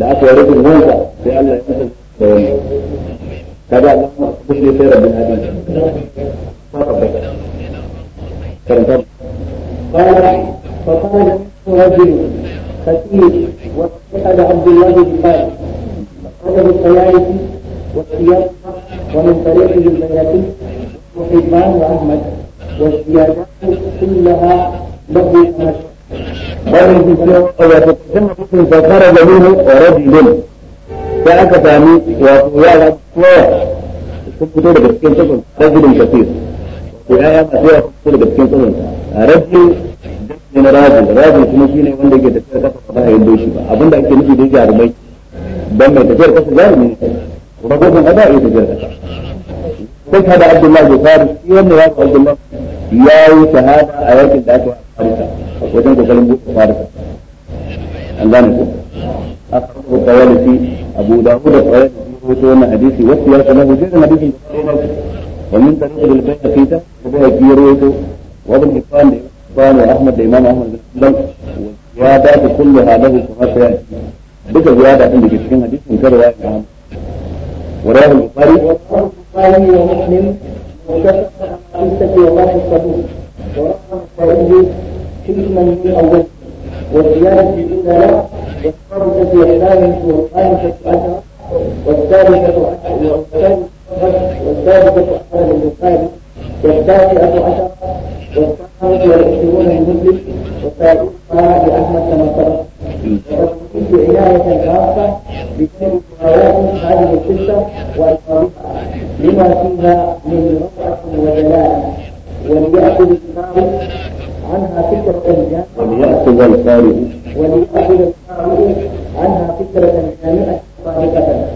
da aka yi rufin wanka sai Allah ya san da wani kaga Allah ma sai karanta قال فقال رجل خفيف وسأل عبد الله بن قال قال بالطيائف والسياق ومن طريقه البياتي وحبان وأحمد والزيادات كلها له مشروع bayan shi cewa wato cikin mutum ka fara da mu rajulun da aka sami wato yara kowa sun fito daga cikin tsakon rajulun kafir ko yaya masu yawa sun fito daga cikin tsakon rajul ne na rajul rajul kuma shi ne wanda yake tafiyar kafa ba a yin doshi ba abinda ake nufi dai jarumai don mai tafiyar kafa jarumi ne kuma ko kan kaza a yi tafiyar kafa sai kada abdullahi bai faru shi wannan ya abdullahi ya yi shahada a yakin da aka yi a farisa wajen kokarin buɗe fara an gane ko أخرجه الطوالسي أبو داود الطوالسي وتوانا حديثي وسياق له جيدا حديث ومن طريق البيهقي ده البيهقي رويته وابن حبان حبان وأحمد الإمام أحمد بن حنبل والزيادات كلها له كما سيأتي بك زيادة عندك في حديث من كذا رواية عام وراه البخاري ورواه البخاري ومسلم وكتب على عيسى في الله الصدوق ورواه البخاري حكما في أوله والزيادة دون له والخامسة والثالثه في والخامسة أثر والثالثة أثر والثالثة أثر للبخاري والتاسعة عشر والثامنة والعشرون لمسلم وثالثها لأحمد كما سبق وقد أتيت عناية خاصة بجانب روايات هذه القصة وألفاظها لما فيها من روعة ودلالة وليأخذ الإمام عنها فكرة وليأخذ القارئ وليأخذ القارئ عنها فكرة جامعة صادقة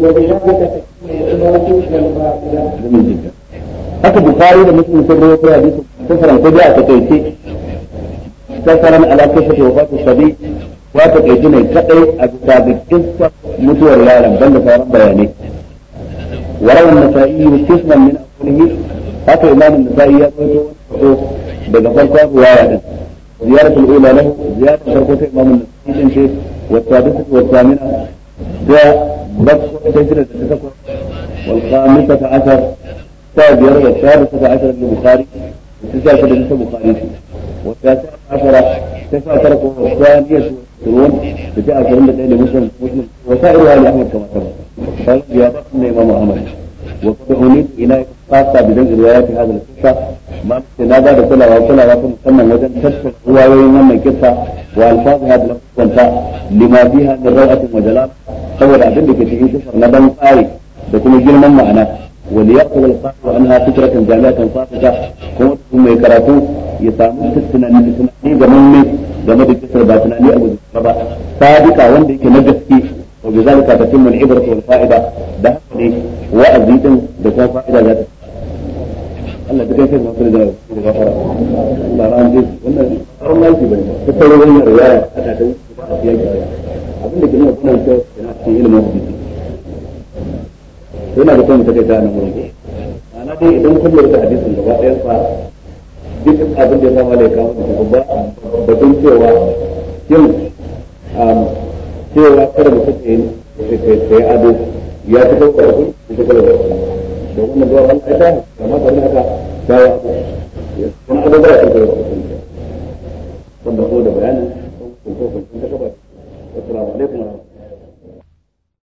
وبذلك تكون العبرة والفائدة. haka bukari da muslim sun rawaito hadisi kafaran ko da ta kaice kafaran ala kashfi wafatu shabi wa ta kaice ne kadai a bisa ga kissa mutuwar yaron banda sauran bayanai وروى النسائي قسما من أقوله حتى إمام النسائي يقول daga farkon riwaya din ziyaratu al-ula lahu ziyaratu farko ta imamu an shi والسادسة والثامنة جاء بطل تجرة التسكر والخامسة عشر السابعة والثالثة عشر للبخاري والتسعة للبخاري والتاسعة عشرة تسعة عشر والثانية والعشرون بتاع كلمة إلى مسلم مسلم وسائرها لأحمد كما ترى قال يا بطل إمام أحمد وقد عنيت إليك fasa bidan irwaya fi hadal kisa ma sai na ba da kulawa Salawa kuma sannan wajen tattara ruwayoyin mai kisa wa alfazu hadal kwanta lima biha da ra'atun wajala saboda abin da ke cikin kisar na ban tsari da kuma girman ma'ana wani ya kuwa alfazu an ha fitar kan kuma su mai karatu ya samu tattunani tattunani ga mun ne game da kisar ba tunani a wajen ba sadika wanda yake na gaske وبذلك تتم العبرة والفائدة ده وأزيد بكون فائدة ذات Allah da kai kai masu da gafara Allah ran dai wannan tsaron laifi bane ta tsaron wannan riwaya ta ta ta ba a fiye da abin da kuma kuma ta yana cikin ilimin hadisi yana da kuma take ta nan wurin ana dai idan kun lura da hadisin gaba ɗayan fa duk abin da ya samu alaika ba batun cewa yin cewa kada mu kace yi ado ya fi kan ƙarfi da kala ƙarfi da wannan zuwa wani aita kama ta wani haka ta wani ba ya fi kan ƙarfi wanda ko da bayanin ko ko ko ta kaba assalamu